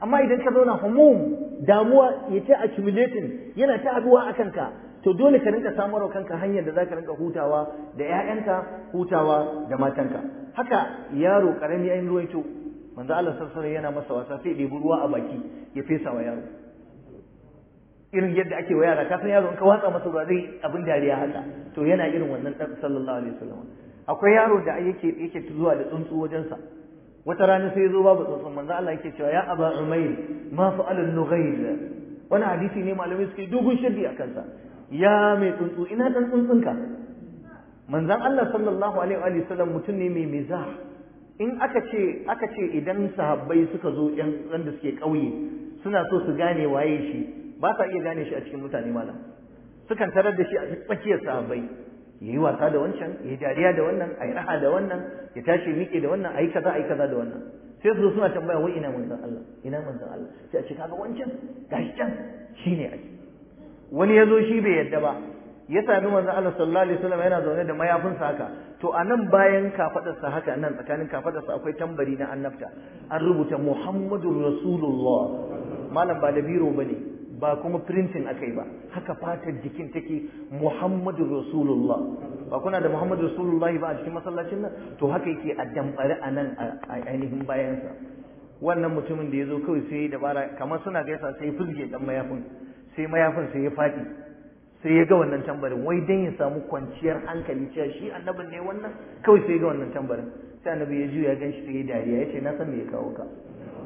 S1: amma idan ka zauna humum damuwa ya ce accumulating yana ta abuwa a kanka to dole ka rinka samar kanka hanyar da za ka rinka hutawa da 'ya'yanka hutawa da matanka haka yaro karami ruwan ruwaito manzo Allah sallallahu yana masa wasa sai ɗebi ruwa a baki ya fesa wa yaro irin yadda ake wa yara kasan yaro in ka watsa masa ruwa zai abin dariya haka to yana irin wannan sallallahu alaihi wasallam akwai yaro da yake yake zuwa da tsuntsu wajensa wata rana sai zo babu tsuntsun manzo Allah yake cewa ya aba umayl ma fa'ala an-nughayl wani hadisi ne malamai suke dogon shirdi a kansa ya mai tsuntsu ina dan tsuntsunka manzon Allah sallallahu alaihi wa sallam mutum ne mai mizah in aka ce aka ce idan sahabbai suka zo yan da suke kauye suna so su gane waye shi ba sa iya gane shi a cikin mutane malam sukan tarar da shi a tsakiyar sahabbai ya yi wasa da wancan ya yi dariya da wannan a yi raha da wannan ya tashi miƙe da wannan a yi kaza a yi kaza da wannan sai su suna tambaya wai ina manzan Allah ina manzan Allah sai a ce kaga wancan gashi can shi shine ake wani ya zo shi bai yadda ba ya sami manzan Allah sallallahu alaihi wasallam yana zaune da mayafinsa haka to a nan bayan kafadarsa haka nan tsakanin kafadarsa akwai tambari na annabta an rubuta Muhammadur Rasulullah malam ba da biro ba ne. ba kuma printing yi ba haka fatar jikin take Muhammadu Rasulullah ba kuna da Muhammadu Rasulullah ba a cikin masallacin nan to haka yake a damfare a nan a ainihin bayansa wannan mutumin da ya zo kawai sai dabara kamar suna gaisa sai fizge dan mayafin sai mayafin sai ya faɗi sai ya ga wannan tambarin wai dan ya samu kwanciyar hankali cewa shi annabin ne wannan kawai sai ya ga wannan tambarin sai annabi ya juya ya shi sai ya dariya ya ce na san me ya kawo ka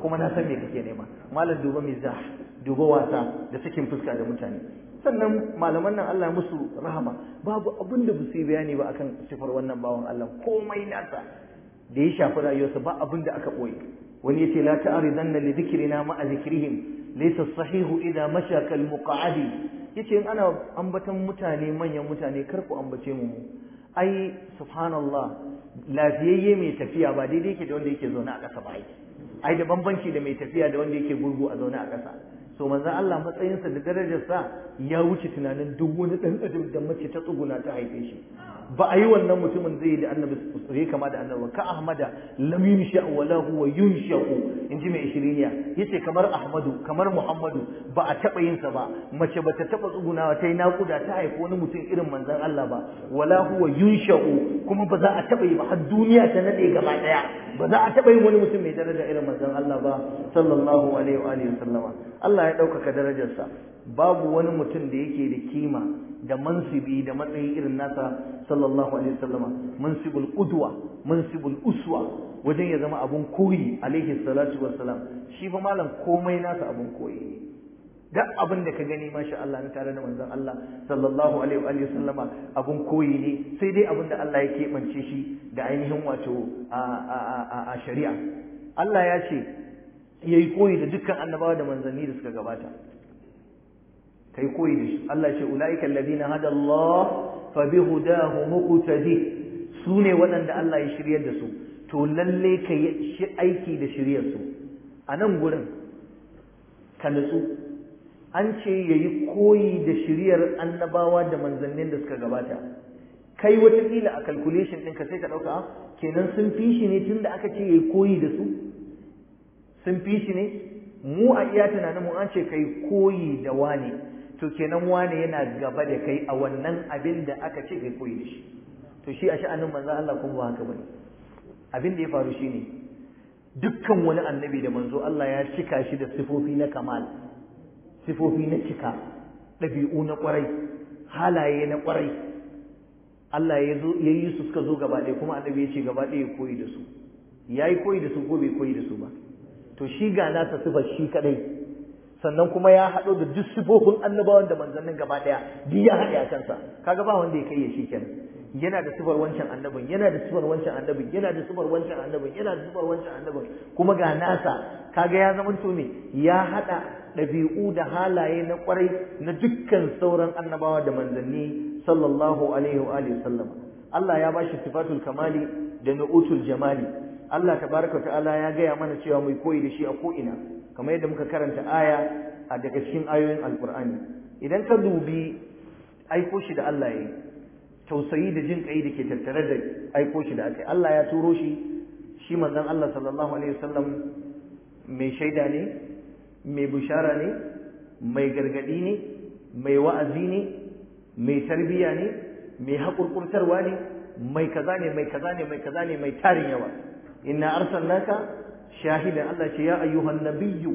S1: kuma na san me kake nema malam duba mizah duba wasa da cikin fuska da mutane sannan malaman nan Allah musu rahama babu abin da su bayani ba akan sifar wannan bawan Allah komai nasa da ya shafi rayuwarsa ba abin da aka ɓoye wani yace la ta'ridanna li dhikrina ma'a dhikrihim laysa sahihu idha masha kal yace in ana ambatan mutane manyan mutane kar ku ambace mu ai subhanallah lafiyayye mai tafiya ba daidai yake da wanda yake zaune a ƙasa ba ai da bambanci da mai tafiya da wanda yake gurgu a zaune a ƙasa to manzo Allah matsayinsa da darajarsa ya wuce tunanin duk wani dan adam da mace ta tsuguna ta haife shi ba a yi wannan mutumin zai da annabi sai kama da annabi ka ahmada lam yunsha wala huwa yunsha inji mai ya, yace kamar ahmadu kamar muhammadu ba a taba yin sa ba mace ba ta taba tsugunawa ta yi nakuda ta haifi wani mutum irin manzon Allah ba wala huwa yunsha kuma ba za a taba yi ba har duniya ta nade gaba daya ba za a taba yin wani mutum mai daraja irin manzon Allah ba sallallahu alaihi wa alihi Allah ya ɗaukaka darajarsa babu wani mutum da yake da kima da mansibi da matsayi irin nasa sallallahu alaihi wasallama mansibul qudwa mansibul uswa wajen ya zama abun koyi alaihi salatu wassalam shi fa malam komai nasa abun koyi ne duk abin da ka gani masha Allah na tare da manzon Allah sallallahu alaihi wa sallama abun koyi ne sai dai abin da Allah ya keɓance shi da ainihin wato a shari'a Allah ya ce ya yi koyi da dukkan annabawa da manzanni da suka gabata kai koyi da shi Allah ce ulaika alladhina hada Allah fa homo muqtadi su ne waɗanda Allah ya shiryar da su to lalle ka yi aiki da shiryar su a nan gurin ka nutsu an ce yayi koyi da shiryar annabawa da manzannin da suka gabata kai watakila a calculation ɗinka sai ka ɗauka ah, kenan sun fi shi ne tunda aka ce yayi koyi da su sun fi shi ne mu a iya tunanin mu an ce kai koyi da wane to kenan wane yana gaba da kai a wannan abin da aka ce kai koyi da shi to shi a sha'anin manzon Allah kuma ba haka bane abin da ya faru shine dukkan wani annabi da manzo Allah ya cika shi da sifofi na kamal sifofi na cika ɗabi'u na ƙwarai halaye na ƙwarai Allah ya yi su suka zo gaba ɗaya kuma annabi ya ce gaba ɗaya koyi da su ya yi koyi da su ko bai koyi da su ba to shi ga nasa sifar shi kadai sannan kuma ya haɗo da duk sifofin annabawan da manzannin gaba ɗaya duk ya haɗe a kansa kaga ba wanda ya kai ya shi kenan yana da sifar wancan annabin yana da sifar wancan annabin yana da sifar wancan annabin yana da sifar wancan annabin kuma ga nasa kaga ya zama to me ya haɗa ɗabi'u da halaye na ƙwarai na dukkan sauran annabawa da manzanni sallallahu alaihi wa alihi sallam Allah ya bashi sifatul kamali da nu'utul jamali Allah tabaraka ta'ala ya gaya mana cewa mu koyi da shi a ko'ina kamar yadda muka karanta aya a daga cikin ayoyin alkur'ani idan ka dubi aiko shi da Allah yayi tausayi da jin kai da ke tattare da aiko shi da aka Allah ya turo shi shi manzon Allah sallallahu alaihi wasallam mai shaida ne mai bushara ne mai gargadi ne mai wa'azi ne mai tarbiyya ne mai haƙurƙurtarwa ne mai kaza ne mai kaza ne mai kaza ne mai tarin yawa إنا أرسلناك شاهدا الله يا أيها النبي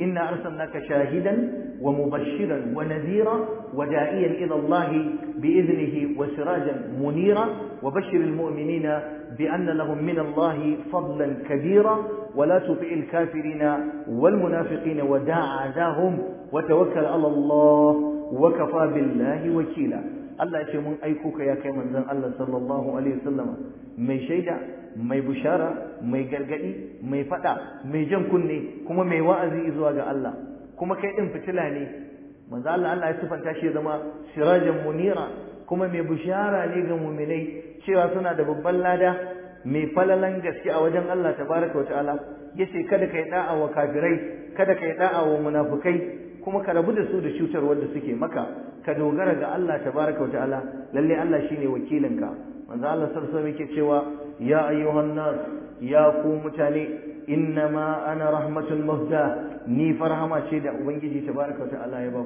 S1: إنا أرسلناك شاهدا ومبشرا ونذيرا وداعيا إلى الله بإذنه وسراجا منيرا وبشر المؤمنين بأن لهم من الله فضلا كبيرا ولا تطع الكافرين والمنافقين وداع عداهم وتوكل على الله وكفى بالله وكيلا الله يشمون أيكوك يا كيما الله صلى الله عليه وسلم من شيء mai bushara mai gargadi mai fada mai jan kunne kuma mai wa'azi zuwa ga Allah kuma kai din fitila ne manzo Allah Allah ya sifanta shi zama sirajan munira kuma mai bushara ne ga mu'minai cewa suna da babban lada mai falalan gaske a wajen Allah tabaraka wa ta'ala yace kada kai da'a wa kafirai kada kai da'a wa munafikai kuma ka rabu da su da cutar wanda suke maka ka dogara ga Allah tabaraka wa ta'ala lalle Allah shine wakilinka manzo Allah sarsa yake cewa ya ayyuhan ya ku mutane innama ana rahmatul mafda ni farhama ce da ubangiji tabaraka ta'ala ya ba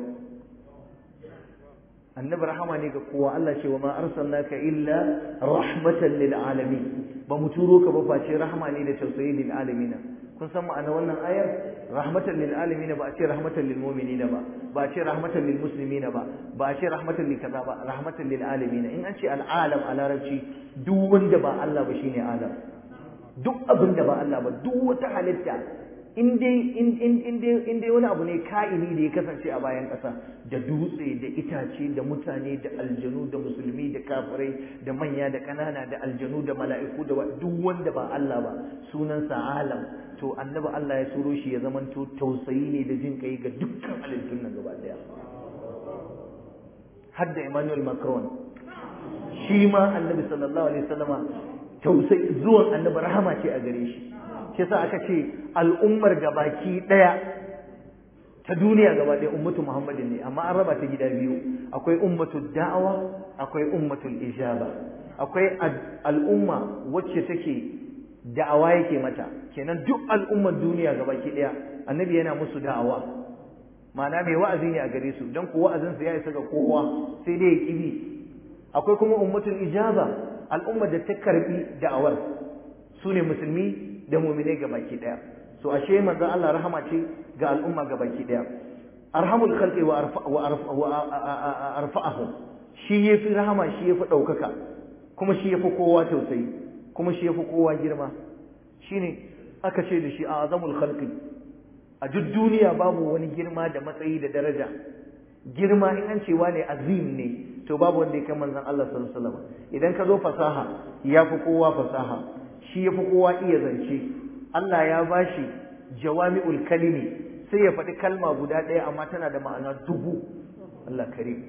S1: annabi rahama ne ga kowa Allah ce wa ma naka illa rahmatan lil alamin ba mu turo ka ba face rahama ne da tausayi lil alamin kun san ma'ana wannan ayar rahmatan lil alamin ba a ce rahmatan lil mu'minin ba ba a ce rahmatan lil muslimin ba ba a ce rahmatan lil kaza ba rahmatan lil alamin in an ce al alam a larabci duk wanda ba Allah ba shine alam duk abin da ba Allah ba duk wata halitta in dai wani abu ne ka'ini da ya kasance a bayan ƙasa da dutse da itace da mutane da aljanu da musulmi da kafirai da manya da kanana da aljanu da mala'iku da duk wanda ba Allah ba sunansa alam to annabi Allah ya suro shi ya to tausayi ne da jin kai ga dukkan halittun nan gaba daya har da Emmanuel Macron shi ma annabi sallallahu alaihi wasallama tausayi zuwan annabi rahama ce a gare shi ke sa aka ce al'ummar gabaki ɗaya ta duniya gaba daya ummatu muhammadin ne amma an raba ta gida biyu akwai ummatu da'awa akwai ummatu ijaba akwai al'umma wacce take da'awa yake mata kenan duk al'ummar duniya gabaki ɗaya. annabi yana musu da'awa Mana mai wa'azi ne a gare su dan ku wa'azin su ya isa ga kowa sai dai ya kibi akwai kuma ummatul ijaba al'ummar da ta karbi da'awar su ne musulmi da ga baki daya so ashe manzon Allah rahama ce ga al'umma gabaki daya arhamul khalqi wa arfa'ahum shi yafi rahama shi yafi daukaka kuma shi yafi kowa tausayi kuma shi yafi kowa girma shine aka ce da shi azamul khalqi a duk duniya babu wani girma da matsayi da daraja girma in an cewa ne azim ne to babu wanda ya kai manzon Allah sallallahu alaihi wasallam idan ka zo fasaha yafi kowa fasaha shi ya fi kowa iya zance Allah ya ba shi jawami'ul kalimi sai ya faɗi kalma guda ɗaya amma tana da ma'ana dubu Allah karim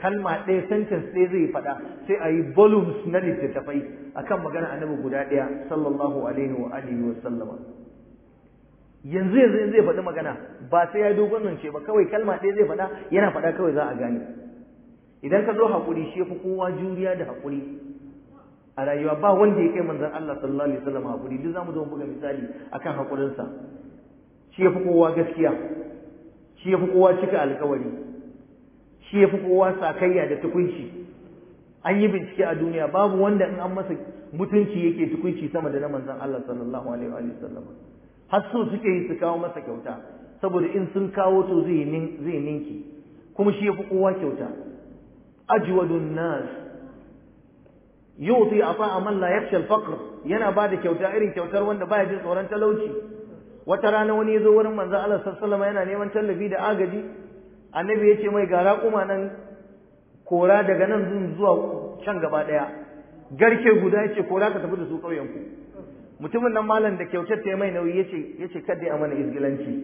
S1: kalma ɗaya sentence ɗaya zai faɗa sai a yi volumes na littattafai akan magana annabi guda ɗaya sallallahu alaihi wa alihi wa sallama yanzu yanzu zai faɗi magana ba sai ya dogon zance ba kawai kalma ɗaya zai faɗa yana faɗa kawai za a gane idan ka zo haƙuri shi fi kowa juriya da haƙuri a rayuwa ba wanda ya kai manzan Allah sallallahu alaihi wasallam haƙuri, duk zamu zo mu buga misali a kan haƙurinsa. shi fi kowa gaskiya shi fi kowa cika alkawari shi fi kowa sakayya da tukunci an yi bincike a duniya babu wanda in an masa mutunci yake tukunci sama da na manzan Allah sallallahu alaihi wasallam har so suke yi su kawo masa kyauta saboda in sun kawo to zai ninki kuma shi fi kowa kyauta ajwadun nas yuti ata man la yakhsha al-faqr yana ba da kyauta irin kyautar wanda baya jin tsoron talauci wata rana wani yazo wurin manzo Allah sallallahu alaihi yana neman tallafi da agaji annabi yace mai gara kuma nan kora daga nan zuwa can gaba daya garke guda yace kora ka tafi da su kauyenku ku mutumin nan malam da kyautar ta mai nauyi yace yace kada ya mana izgilanci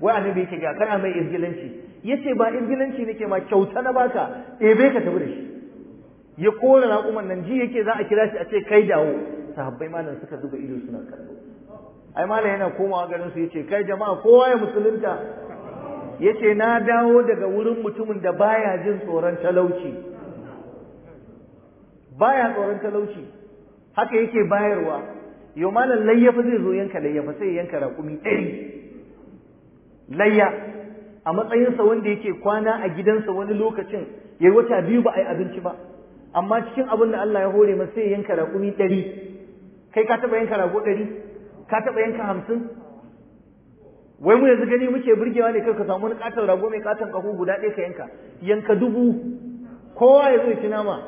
S1: wai annabi yake ga kana mai izgilanci yace ba izgilanci nake ma kyauta na baka ebe ka tafi da shi ya kora raƙuman nan ji yake za a kira shi a ce kai dawo sahabbai malam suka zuba ido suna kallo ai malam yana komawa garin su yace kai jama'a kowa ya musulunta yace na dawo daga wurin mutumin da baya jin tsoron talauci baya tsoron talauci haka yake bayarwa yau malam layyafa zai zo yanka layyafa sai yanka raƙumi ɗari layya a matsayinsa wanda yake kwana a gidansa wani lokacin yayi wata biyu ba a yi abinci ba amma cikin abin da Allah ya hore masa sai yanka raƙumi ɗari kai ka taɓa yanka rago ɗari ka taɓa yanka hamsin wai mu yanzu gani muke burgewa ne kai ka samu wani katon rago mai ƙaton kaho guda ɗaya ka yanka yanka dubu kowa ya zai ci nama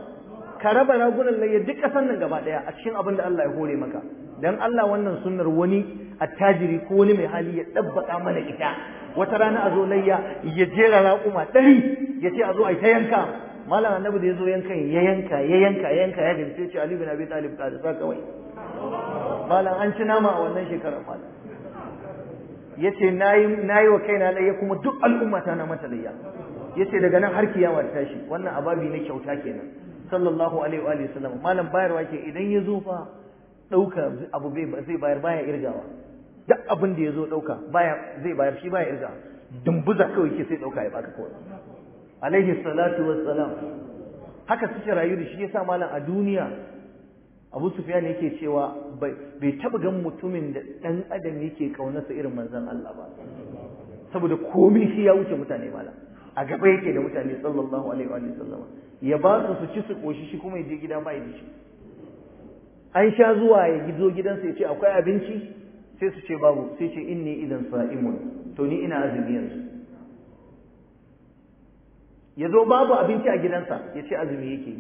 S1: ka raba ragunan laye duk ƙasan nan gaba ɗaya a cikin abin da Allah ya hore maka dan Allah wannan sunnar wani attajiri ko wani mai hali ya ɗabbaƙa mana ita wata rana a zo layya ya jera raƙuma ɗari ya ce a zo a yi ta yanka malam annabi da yazo yanka ya yanka ya yanka ya yanka ya gaji ce Ali bin Abi Talib ka sa kawai malam an ci nama a wannan shekarar malam yace nayi nayi wa kaina laye kuma duk al'ummata na mata layya yace daga nan har kiyama ta tashi wannan ababi ne kyauta kenan sallallahu alaihi wa sallam malam bayarwa ke idan ya zo fa dauka abu bai zai bayar baya irgawa duk abin da ya zo dauka baya zai bayar shi baya irgawa dumbuza kawai ke sai dauka ya baka kawai alaihi salatu wassalam haka suke rayu da shi yasa malam a duniya Abu Sufyan yake cewa bai taba gan mutumin da dan adam yake kaunarsa irin manzon Allah ba saboda komai shi ya wuce mutane malam a gaba yake da mutane sallallahu alaihi wa sallam ya ba su su ci su koshi shi kuma ya je gida ba ya shi an sha zuwa ya gizo gidansa ya ce akwai abinci sai su ce babu sai ce inni idan sa'imun to ni ina azumi yanzu ya zo babu abinci a gidansa ya ce azumi yake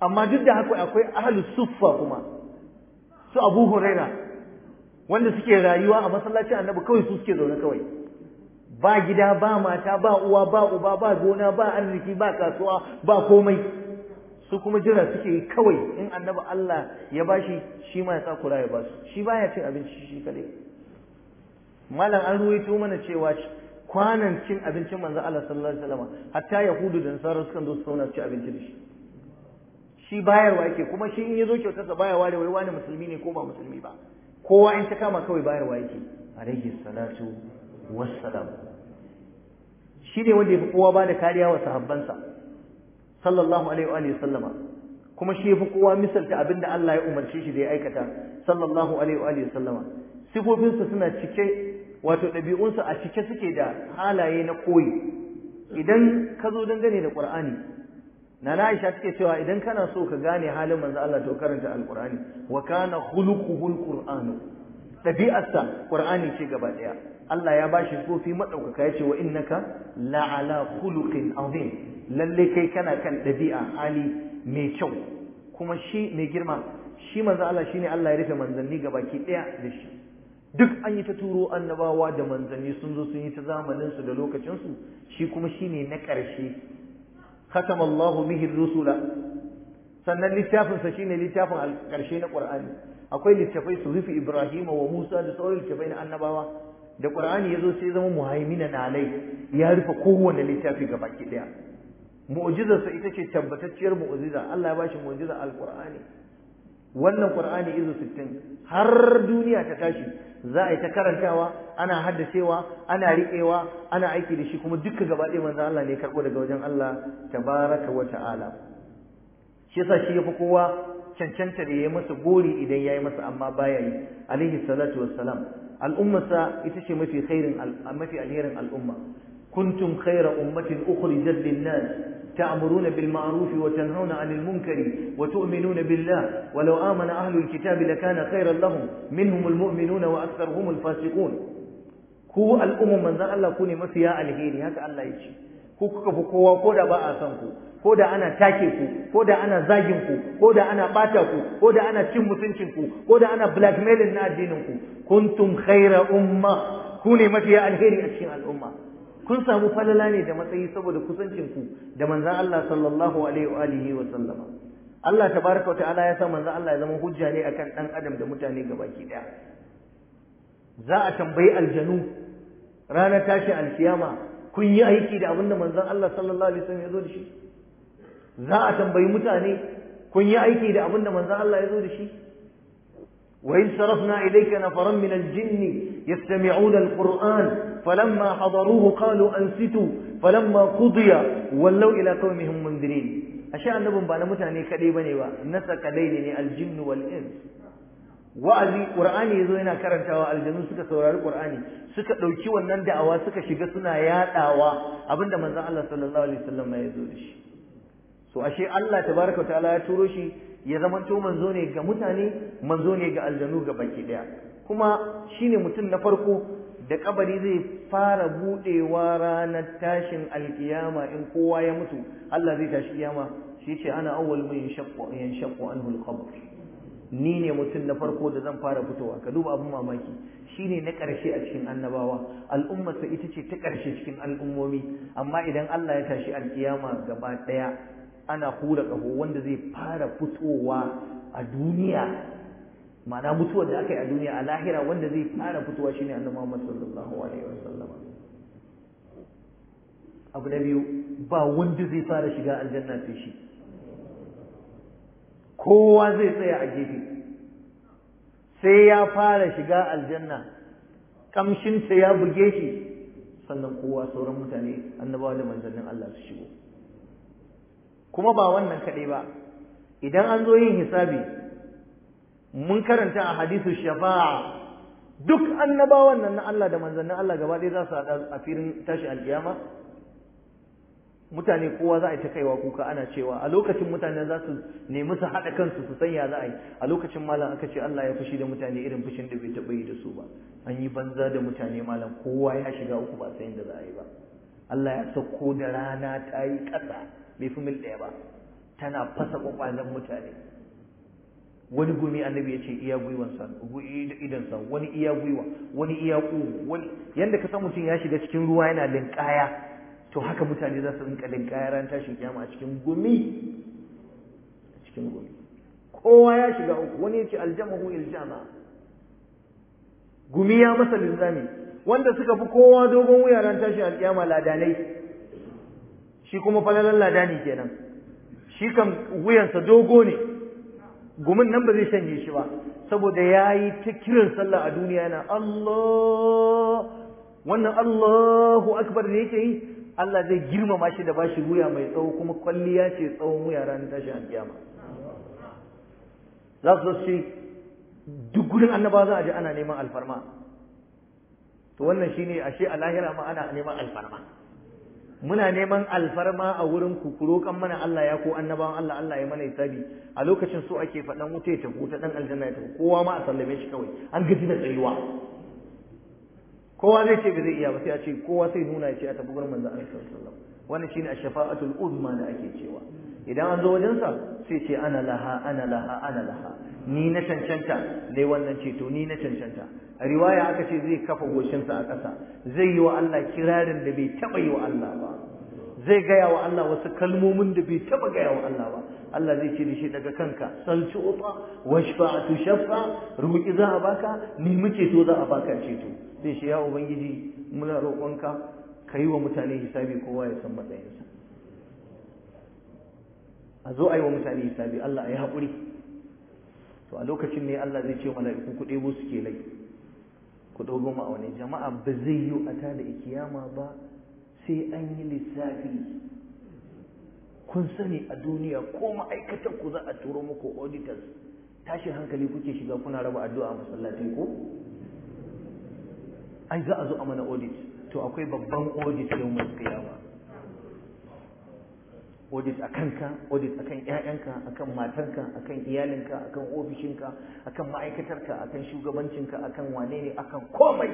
S1: amma duk da haka akwai ahlu suffa kuma su abu huraira wanda suke rayuwa a masallacin annabi kawai su suke zaune kawai ba gida ba mata ba uwa ba uba ba gona ba arziki ba kasuwa ba komai su kuma jira suke yi kawai in annabi Allah ya bashi shi ma ya sa kula ya basu shi baya cin abinci shi kadai malam an ruwaito mana cewa kwanan cin abincin manzo Allah sallallahu alaihi wasallam hatta yahudu da nasara sukan zo su zauna su ci abinci da shi shi bayarwa yake kuma shi in yazo kyautarsa baya ware wai wani musulmi ne ko ba musulmi ba kowa in ta kama kawai bayarwa yake alaihi salatu wassalam shi ne wanda ya fi kowa ba da kariya wa sahabbansa sallallahu alaihi wa sallama kuma shi ya fi kowa misalta abinda Allah ya umarce shi da ya aikata sallallahu alaihi wa sallama sifofinsa suna cike wato ɗabi'unsu a cike suke da halaye na koyi idan ka zo dangane da ƙur'ani na aisha suke cewa idan kana so ka gane halin manzo Allah to karanta alƙur'ani wa kana khuluquhul qur'anu ɗabi'arsa ƙur'ani ce gaba ɗaya Allah ya bashi sofi maɗaukaka ya ce wa innaka la'ala khuluqin azim lalle kai kana kan ɗabi'a hali mai kyau kuma shi mai girma shi manzo Allah ne Allah ya rufe manzanni gabaki ɗaya da shi duk an yi ta turo annabawa da manzanni sun zo sun yi ta zamanin su da lokacinsu, shi kuma shine na ƙarshe khatama bihi rusula sannan littafin sa shine littafin ƙarshe na Qur'ani akwai littafai su rufi Ibrahim wa Musa da sauran littafai na annabawa da ya zo sai zama na alai ya rufe kowanne littafi gabaki daya Mu'ujizarsa ita ce tabbatacciyar mu'jiza Allah ya bashi mu'jizar Alƙur'ani. wannan qur'ani izu 60 har duniya ta tashi za a yi ta karantawa ana haddacewa ana riƙewa ana aiki da shi kuma duka gaba ɗaya manzo Allah ne karɓo daga wajen Allah tabaraka wa ta'ala shi yasa shi yafi kowa cancanta da yayi masa gori idan yayi masa amma baya yi alaihi salatu wassalam al'ummarsa ita ce mafi khairin mafi alherin al'umma كنتم خير أمة أخرجت للناس تأمرون بالمعروف وتنهون عن المنكر وتؤمنون بالله ولو آمن أهل الكتاب لكان خيرا لهم منهم المؤمنون وأكثرهم الفاسقون هو الأمم من ذا الله كوني مسيا الهير هكا الله يشي كوكو كوكو كودا باء سنكو كودا أنا تاكيكو كودا أنا زاجنكو كودا أنا باتاكو كودا أنا تشمو سنشنكو كودا أنا بلاك ميل النادينكو كنتم خير أمة كوني مسيا الهير أشياء الأمة kun samu falala ne da matsayi saboda kusancin ku da manzon Allah sallallahu alaihi wa sallama Allah tabaraka wa ta'ala ya sa manzon Allah ya zama hujja ne akan dan adam da mutane gabaki daya za a tambayi aljanu ranar tashi alkiyama kun yi aiki da abinda manzan Allah sallallahu alaihi wasallam ya zo da shi za a tambayi mutane kun yi aiki da abinda manzan Allah ya zo da shi wa in sarafna ilayka nafaran min aljinn يستمعون القرآن فلما حضروه قالوا أنستوا فلما قضي ولوا إلى قومهم منذرين أشياء النبي بانا متعني كديبني با ne كديني الجن والإنس wa'azi qur'ani yazo yana karantawa aljannu suka saurari qur'ani suka dauki wannan da'awa suka shiga suna yadawa abinda manzon Allah sallallahu alaihi wasallam ya zo da shi so ashe Allah tabaraka ta'ala ya turo shi ya zamanto manzo ne ga mutane manzo ne ga aljannu ga baki daya kuma shine mutum na farko da kabari zai fara budewa ranar tashin alkiyama in kowa ya mutu Allah zai tashi kiyama shi ce ana awwal mai yanshaqqu yanshaqqu anhu alqabr ni ne mutum na farko da zan fara fitowa ka duba abun mamaki shine na ƙarshe a cikin annabawa al'ummarsa ita ce ta ƙarshe cikin al'ummomi amma idan Allah ya tashi alkiyama gaba ɗaya ana hura ƙaho wanda zai fara fitowa a duniya ma'ana mutuwar da aka yi a duniya a lahira wanda zai fara fitowa shine annabi Muhammad sallallahu alaihi sallam abu na biyu ba wanda zai fara shiga aljanna sai shi kowa zai tsaya a gefe sai ya fara shiga aljanna kamshinta ya buge shi sannan kowa sauran mutane annabawa da manzannin Allah su shigo kuma ba wannan kaɗai ba idan an zo yin hisabi mun karanta a hadisu shafa'a duk annabawan nan na Allah da manzannin Allah gaba ɗaya za su haɗa a firin tashi alƙiyama mutane kowa za a yi ta kaiwa kuka ana cewa a lokacin mutane za su nemi su haɗa kansu su sanya za a yi a lokacin malam aka ce Allah ya fushi da mutane irin fushin da bai taɓa yi da su ba an yi banza da mutane malam kowa ya shiga uku ba sayin da za a yi ba Allah ya sauko da rana ta yi ƙasa bai fi mil ɗaya ba tana fasa ƙwaƙwalen mutane wani gumi annabi ya ce iya gwiwansa idansa wani iya gwiwa wani iya ƙugu wani yadda ka san mutum ya shiga cikin ruwa yana linkaya to haka mutane za su rinka linkaya ran tashin kiyama a cikin gumi a cikin gumi kowa ya shiga uku wani ya ce aljamahu iljama gumi ya masa linzami wanda suka fi kowa dogon wuya ran tashin alkiyama ladanai shi kuma falalan ladani kenan shi kan wuyansa dogo ne gumin nan ba zai shanye shi ba saboda ya yi ta kiran sallah a duniya yana Allah wannan Allahu akbar ne yake yi Allah zai girmama shi da ba shi wuya mai tsawo kuma kwalliya ce tsawon wuya ranar a kiyama za su ce duk gudun annaba za a je ana neman alfarma to wannan shine ashe a lahira ma ana neman alfarma muna neman alfarma a wurin ku ku mana Allah ya ko annabawan Allah Allah ya mana isabi a lokacin so ake faɗan wuta ya tafi ta dan aljanna ya tafi kowa ma a sallame shi kawai an gaji da tsayuwa kowa zai ce ba zai iya ba sai a ce kowa sai nuna ya ce a tafi gurin Allah sallallahu alaihi wasallam wannan shine ash-shafa'atul uzma da ake cewa idan an zo wajensa sai ce ana laha ana laha ana laha ni na cancanta ne wannan ceto ni na cancanta a riwaya aka ce zai kafa goshinsa a ƙasa zai yi wa Allah kirarin da bai taɓa yi wa Allah ba zai gaya wa Allah wasu kalmomin da bai taɓa gaya wa Allah ba Allah zai ce da shi daga kanka salci uta tu shafa roƙi za a baka nemi ceto za a baka ceto sai shi ya ubangiji muna roƙonka ka yi wa mutane hisabi kowa ya san matsayinsa a zo a yi wa mutane hisabi Allah ya haƙuri to a lokacin ne Allah zai ce wani ku kuɗe su ke lai ku ɗogo ma wani jama'a ba zai yi a tada ikiyama ba sai an yi lissafi kun sani a duniya ko ma'aikatar ku za a turo muku auditors tashin hankali kuke shiga kuna raba addu'a a ko ai za a zo a mana audit to akwai babban audit yau mai kiyama audit a kanka audit a kan ‘ya'yanka a kan matarka a kan iyalinka a kan ofishinka a kan ma'aikatarka a kan shugabancinka a kan wane ne a kan komai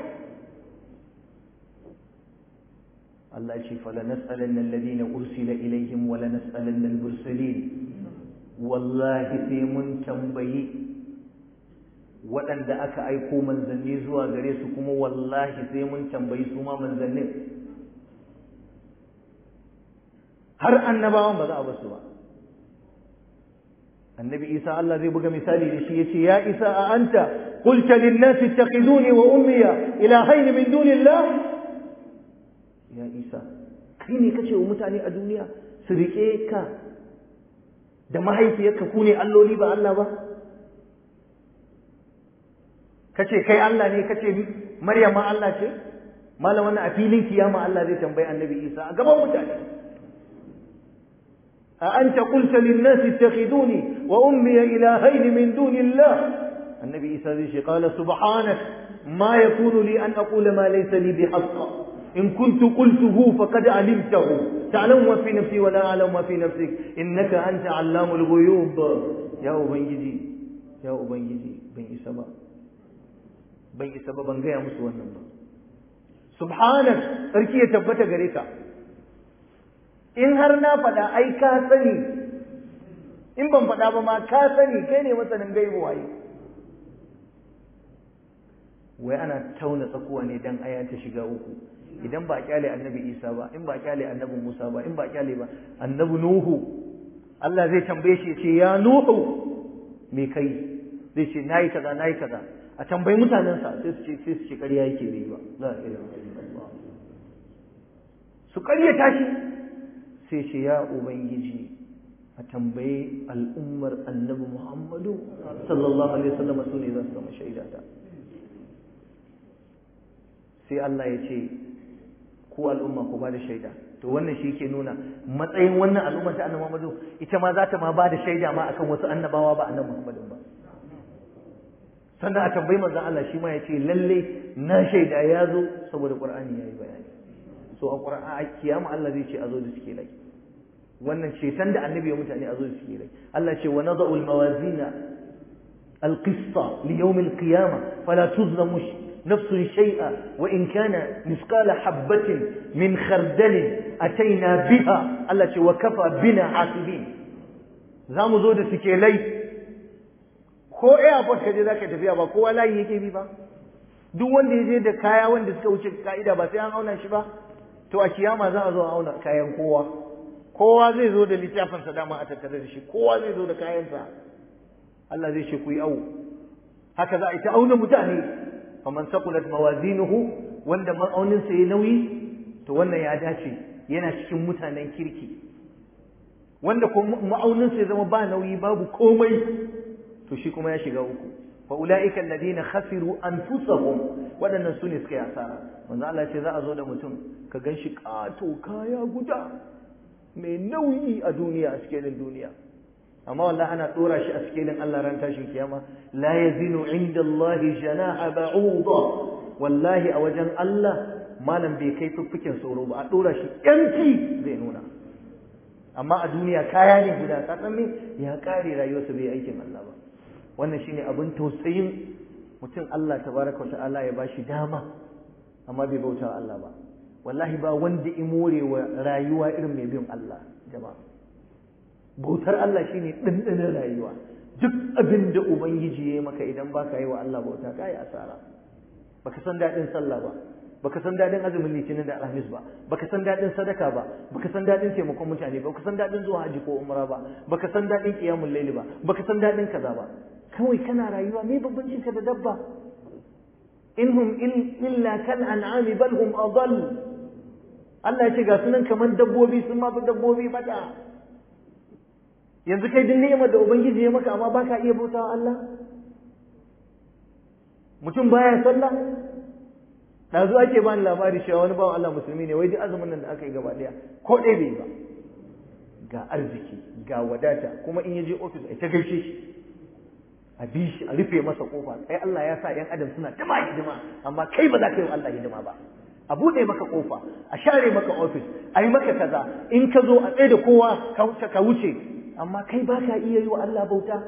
S1: Allah ce fala nas'alan alladhina ursila ilaihim wala nas'alan al-mursalin wallahi sai mun tambayi waɗanda aka aiko manzanni zuwa gare su kuma wallahi sai mun tambayi su ma manzannin har annabawan ba za a basu ba annabi isa Allah zai buga misali da shi yace ya isa a anta qulta lin nas ittaqiduni wa ummiya ilahayn min dunillah ya isa kai ne kace wa mutane a duniya su rike ka da mahaifiyarka ku ne alloli ba Allah ba kace kai Allah ne kace Maryam ma Allah ce malam wannan a filin kiyama Allah zai tambayi annabi Isa a gaban mutane أأنت قلت للناس اتخذوني وأمي إلهين من دون الله النبي إيسا قال سبحانك ما يكون لي أن أقول ما ليس لي بحق إن كنت قلته فقد علمته تعلم ما في نفسي ولا أعلم ما في نفسك إنك أنت علام الغيوب يا يدي يا يدي بن إسما بن إسما بن غير مسوى سبحانك تركيا تبت غريكا in har na faɗa ai ka sani in ban faɗa ba ma ka sani kai ne masanin gaibu waye wai ana tauna tsakuwa ne dan aya ta shiga uku idan ba a kyale annabi isa ba in ba a kyale annabi musa ba in ba a kyale ba annabi nuhu Allah zai tambaye shi ce ya nuhu me kai zai ce nayi kaza nayi kaza a tambayi mutanensa sai su ce sai su ce ƙarya yake bai ba za a ƙarya su ƙarya tashi sai ce ya ubangiji a tambaye al'ummar annabi muhammadu sallallahu alaihi wasallam su ne za su zama shaida ta sai Allah ya ce ku al'umma ku ba da shaida to wannan shi ke nuna matsayin wannan al'ummar ta annabi Muhammadu ita ma za ta ma ba da shaida ma akan wasu annabawa ba annabi Muhammadu ba sannan a tambayi manzo Allah shi ma ya ce lalle na shaida ya zo saboda Qur'ani yayi bayani so a Qur'ani kiyama Allah zai ce a zo da suke laki wannan ceton da annabi ya mutane a zuwa suke rai Allah ce wa nada'u al-mawazina al-qista li yawm al-qiyamah fala tuzlamu nafsun shay'a wa in kana misqala habatin min khardal ataina biha Allah ce wa kafa bina hasibin zamu zo da suke lai ko airport ka je zaka tafiya ba kowa layi yake bi ba duk wanda ya je da kaya wanda suka wuce ka'ida ba sai an auna shi ba to a kiyama za a zo a auna kayan kowa kowa zai zo da littafinsa dama a tattare da shi kowa zai zo da kayansa Allah zai ce ku yi au haka za a yi ta auna mutane faman saqulat mawazinuhu wanda ma'auninsa ya nauyi to wannan ya dace yana cikin mutanen kirki wanda ko ma'auninsa ya zama ba nauyi babu komai to shi kuma ya shiga uku fa ulaika alladhina khasiru anfusahum wadannan sune suka yi asara manzo Allah ce za a zo da mutum ka ganshi kato kaya guda mai nauyi a duniya a sikelin duniya amma wallahi ana dora shi a sikelin Allah ran tashin kiyama la yazinu inda Allah janaha ba'uda wallahi a wajen Allah malam bai kai fuffuken tsoro ba a dora shi yanki zai nuna amma a duniya kaya ne guda ka me ya kare rayuwarsa bai aikin Allah ba wannan shine abin tausayin mutum Allah tabaraka ta'ala ya bashi dama amma bai bauta Allah ba wallahi ba wanda more wa rayuwa irin mai bin Allah jama'a bautar Allah shine dindinan rayuwa duk abin da ubangiji ya maka idan baka yi wa Allah bauta kai asara baka san dadin sallah ba baka san dadin azumin litinin da alhamis ba baka san dadin sadaka ba baka san dadin taimakon mutane ba baka san dadin zuwa haji ko umra ba baka san dadin qiyamul ba baka san dadin kaza ba kawai kana rayuwa me babban ka da dabba inhum illa kan an'ami bal hum Allah ya ce ga sunan kamar dabbobi sun ma fi dabbobi bata yanzu kai dinne yamma da ubangiji ya maka amma baka iya bautawa Allah mutum baya sallah dazu ake ba ni labari cewa wani bawan Allah musulmi ne wai duk azumin nan da aka yi gaba daya ko ɗaya bai ba ga arziki ga wadata kuma in ya je ofis ai ta gaishe shi a bi shi a rufe masa kofa kai Allah ya sa yan adam suna dama hidima amma kai ba za ka yi wa Allah hidima ba a buɗe maka ƙofa a share maka ofis a yi maka kaza in ka zo a tsaye da kowa ka wuce amma kai ba ka iya yi wa Allah bauta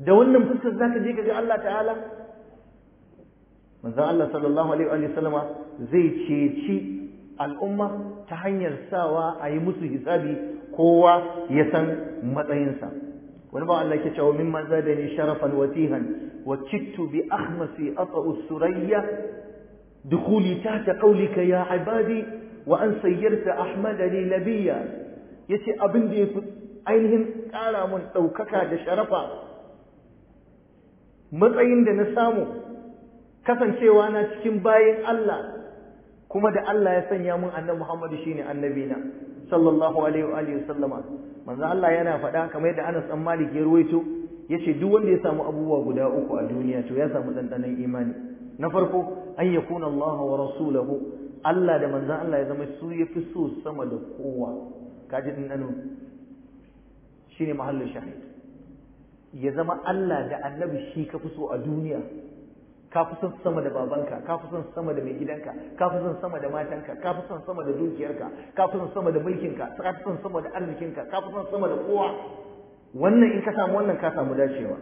S1: da wannan fuskar za ka je ga Allah ta'ala manzon Allah sallallahu alaihi wa sallama zai ceci al'umma ta hanyar sawa a yi musu hisabi kowa ya san matsayinsa wani ba Allah ke cewa mimma zadani sharafan watihan wa kittu bi ahmasi ata'us suraiya دخولي تحت قولك يا عبادي وأن سيرت أحمد لي نبيا يتي أبن دي ainihin ƙara mun ɗaukaka da sharafa matsayin da na samu kasancewa na cikin bayan Allah kuma da Allah ya sanya mun annabi Muhammadu shine na. sallallahu alaihi wa alihi sallama manzo Allah yana faɗa kamar yadda Anas dan Malik ya ruwaito yace duk wanda ya samu abubuwa guda uku a duniya to ya samu dandanan imani na farko an yakuna Allah wa rasulahu Allah da manzan Allah ya zama su fi so sama da kowa kaji din shi ne mahallin shahid ya zama Allah da annabi shi ka fi so a duniya ka fi son sama da babanka ka fi son sama da mai gidanka ka fi son sama da matanka ka fi son sama da dukiyarka ka fi son sama da mulkinka ka fi son sama da arzikinka ka fi son sama da kowa wannan in ka samu wannan ka samu dacewa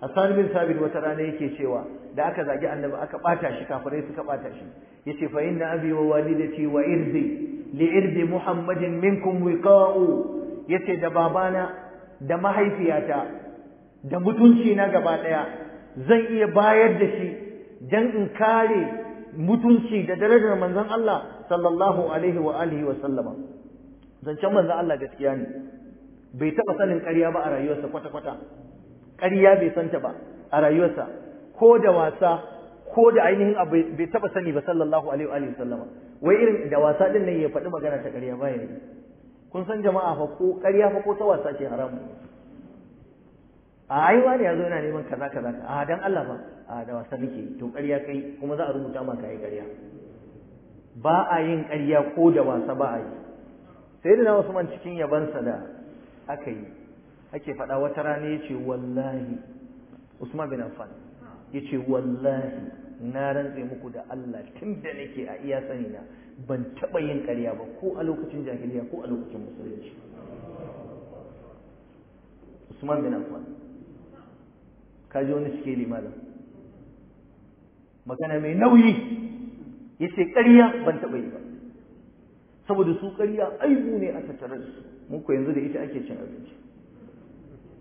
S1: Hassan bin Sabit wata rana yake cewa da aka zagi annabi aka bata shi kafirai suka bata shi yace fa inna abi wa walidati wa irdi li irdi muhammadin minkum wiqa'u yace da babana da mahaifiyata da mutunci na gaba daya zan iya bayar da shi dan in kare mutunci da darajar manzon Allah sallallahu alaihi wa alihi wa sallama zancen manzon Allah gaskiya ne bai taba sanin ƙarya ba a rayuwarsa kwata-kwata ƙarya bai santa ba a rayuwarsa ko da wasa ko da ainihin abu bai taba sani ba sallallahu alaihi wa sallama wai irin da wasa din nan ya faɗi magana ta ƙarya ba yayi kun san jama'a fa ko ƙarya fa ko ta wasa ce haramu a ai wani yazo yana neman kaza kaza a dan Allah ba a da wasa nake to ƙarya kai kuma za a rubuta maka kai ƙarya ba a yin ƙarya ko da wasa ba a yi sai da Usman cikin yabansa da aka yi ake faɗa wata rana yace wallahi Usman bin Affan yace wallahi na rantse muku da Allah tun da nake a iya sani na ban taɓa yin ƙarya ba ko a lokacin jahiliya ko a lokacin musulunci Usman bin Affan ka ji wani sikeli malam magana mai nauyi yace ƙarya ban taɓa yi ba saboda su ƙarya aibu ne a tattare da su mun ko yanzu da ita ake cin abinci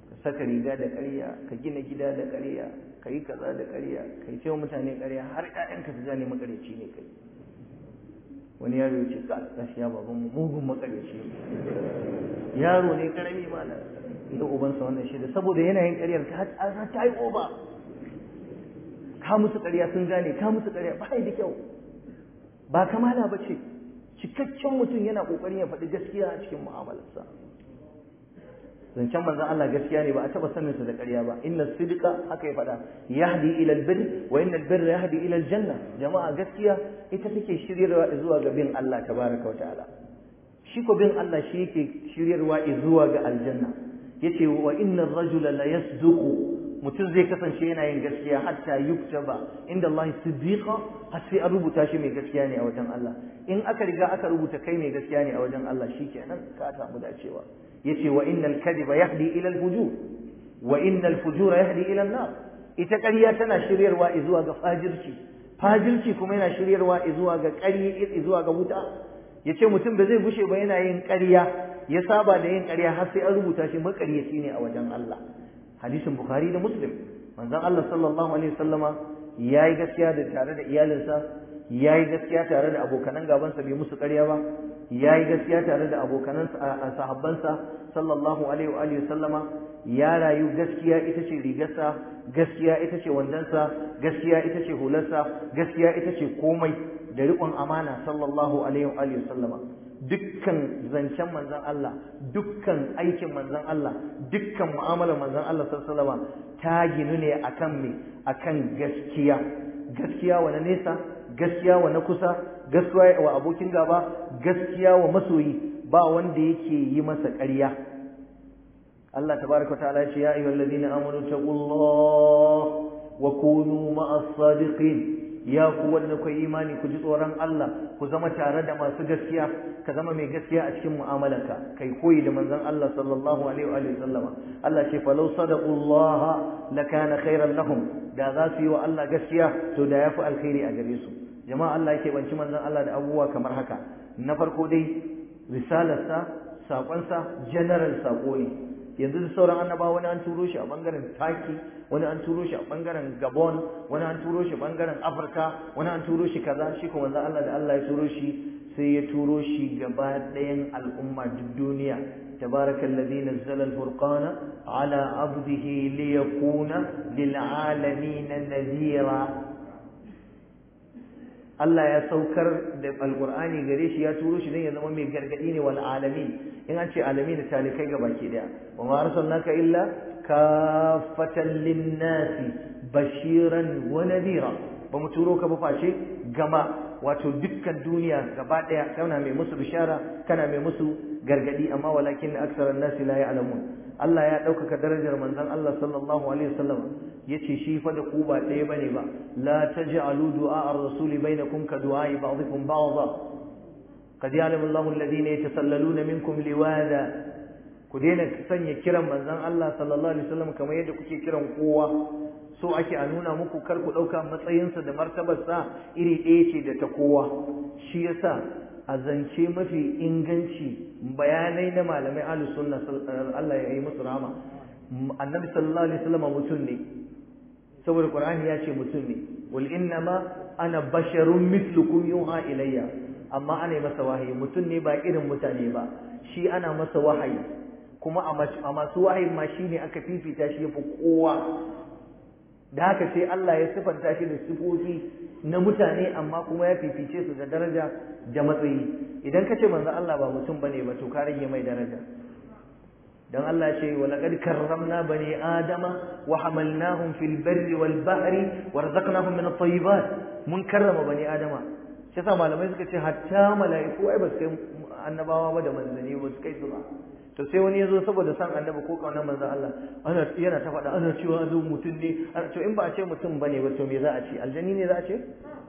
S1: ka saka riga da ƙarya ka gina gida da ƙarya ka yi kaza da ƙarya ka yi cewa mutane ƙarya har ƴaƴanka su zane makarici ne kai wani yaro ya ce ka gaskiya baban mugun makarici ne yaro ne karami mana da ubansa wannan shi da saboda yanayin ƙaryar ka ta yi oba ka musu ƙarya sun gane ka musu ƙarya ba da kyau ba kamala ba ce cikakken mutum yana ƙoƙarin ya faɗi gaskiya a cikin mu'amalarsa zancen manzan Allah gaskiya ne ba a taba sanin sa da ƙarya ba inna sidqa haka ya faɗa yahdi ila albir wa inna albirra yahdi ila aljanna jama'a gaskiya ita take shiryarwa zuwa ga bin Allah tabaraka wa ta'ala shi ko bin Allah shi yake shiryarwa zuwa ga aljanna yace wa inna ar-rajula la yasduqu mutum zai kasance yana yin gaskiya hatta yuktaba inda Allah siddiqa har sai an rubuta shi mai gaskiya ne a wajen Allah in aka riga aka rubuta kai mai gaskiya ne a wajen Allah shikenan ka samu dacewa yace wa innal kadhiba yahdi ila al fujur wa innal fujura yahdi ila an-nar ita ƙarya tana shiryarwa zuwa ga fajirci fajirci kuma yana shiryarwa zuwa ga ƙarya zuwa ga wuta yace mutum ba zai gushe ba yana yin ƙarya ya saba da yin ƙarya har sai an rubuta shi maƙaryaci ne a wajen Allah hadisin bukhari da muslim manzon Allah sallallahu alaihi wasallama ya yi gaskiya da tare da iyalinsa ya yi gaskiya tare da abokanan gabansa bai musu karya ba ya yi gaskiya tare da abokanan sahabbansa sallallahu alaihi wa sallama ya rayu gaskiya ita ce rigarsa gaskiya ita ce wandonsa gaskiya ita ce hularsa gaskiya ita ce komai da riƙon amana sallallahu alaihi wa sallama dukkan zancen manzan Allah dukkan aikin manzan Allah dukkan mu'amalar manzan Allah sallallahu ta ginu ne akan me akan gaskiya gaskiya wa na nesa gaskiya wa na kusa gaskiya wa abokin gaba gaskiya wa masoyi ba wanda yake yi masa ƙarya Allah tabaraka ta'ala ya ce ya ayyuhallazina amanu taqullahu wa kunu ma'as sadiqin ya ku wanda ku imani ku ji tsoron Allah ku zama tare da masu gaskiya ka zama mai gaskiya a cikin Ka kai koyi da manzon Allah sallallahu alaihi wa sallama Allah ce falau sadaqullaha lakana khairan lahum da za su yi wa Allah gaskiya to da yafi alkhairi a gare su jama'a Allah yake banci manzon Allah da abubuwa kamar haka na farko dai risalarsa sakonsa general sako ne yanzu sauran annaba wani an turo shi a bangaren taki wani an turo shi a bangaren gabon wani an turo shi bangaren afirka wani an turo shi kaza shi kuma Allah da Allah ya turo shi sai ya turo shi gaba ɗayan al'umma duk duniya tabarakallazi nazzala al burkana ala abdihi liyakuna lil na nadhira Allah ya saukar da alkur'ani gare shi ya turo shi don ya zama mai gargadi ne wal in an ce alami da talikai ga baki daya wa ma arsalnaka illa kafatan linnasi bashiran wa nadira ba mu turo ka ba face gama wato dukkan duniya gaba daya kana mai musu bishara kana mai musu gargadi amma walakin aktsaran nasi la ya'lamun Allah ya ɗaukaka darajar manzon Allah sallallahu alaihi wasallam yace shi fa da ku ba ɗaya bane ba la taj'alu du'a ar-rasuli bainakum ka du'a ba'dikum ba'dha qad ya'lamu Allahu alladhina yatasalluna minkum liwada ku daina sanya kiran manzon Allah sallallahu alaihi wasallam kamar yadda kuke kiran kowa so ake a nuna muku kar ku dauka matsayinsa da martabarsa iri ɗaya ce da ta kowa shi yasa a zance mafi inganci bayanai na malamai ahlus sunna Allah ya yi musu rahama annabi sallallahu alaihi wasallam mutum ne saboda qur'ani ya ce mutum ne wal innama ana basharun mithlukum yuha ilayya amma ana masa wahayi mutum ne ba irin mutane ba shi ana masa wahayi kuma a masu wahayin ma shi ne aka fifita shi fi kowa da haka sai Allah ya sifanta shi da sifofi na mutane amma kuma ya fifice su da daraja da matsayi idan ka ce manzo Allah ba mutum bane ba to ka rage mai daraja dan Allah ce wa laqad karramna bani adama wa hamalnahum fil barri wal bahri warzaqnahum min at-tayyibat mun karrama bani adama shi yasa malamai suka ce hatta mala'iku ai ba su kai annabawa ba da manzanni ba su kai su ba to sai wani ya zo saboda san annabi ko kaunar manzan Allah ana yana ta faɗa ana cewa an zo mutum ne to in ba a ce mutum bane ba to me za a ce aljani ne za a ce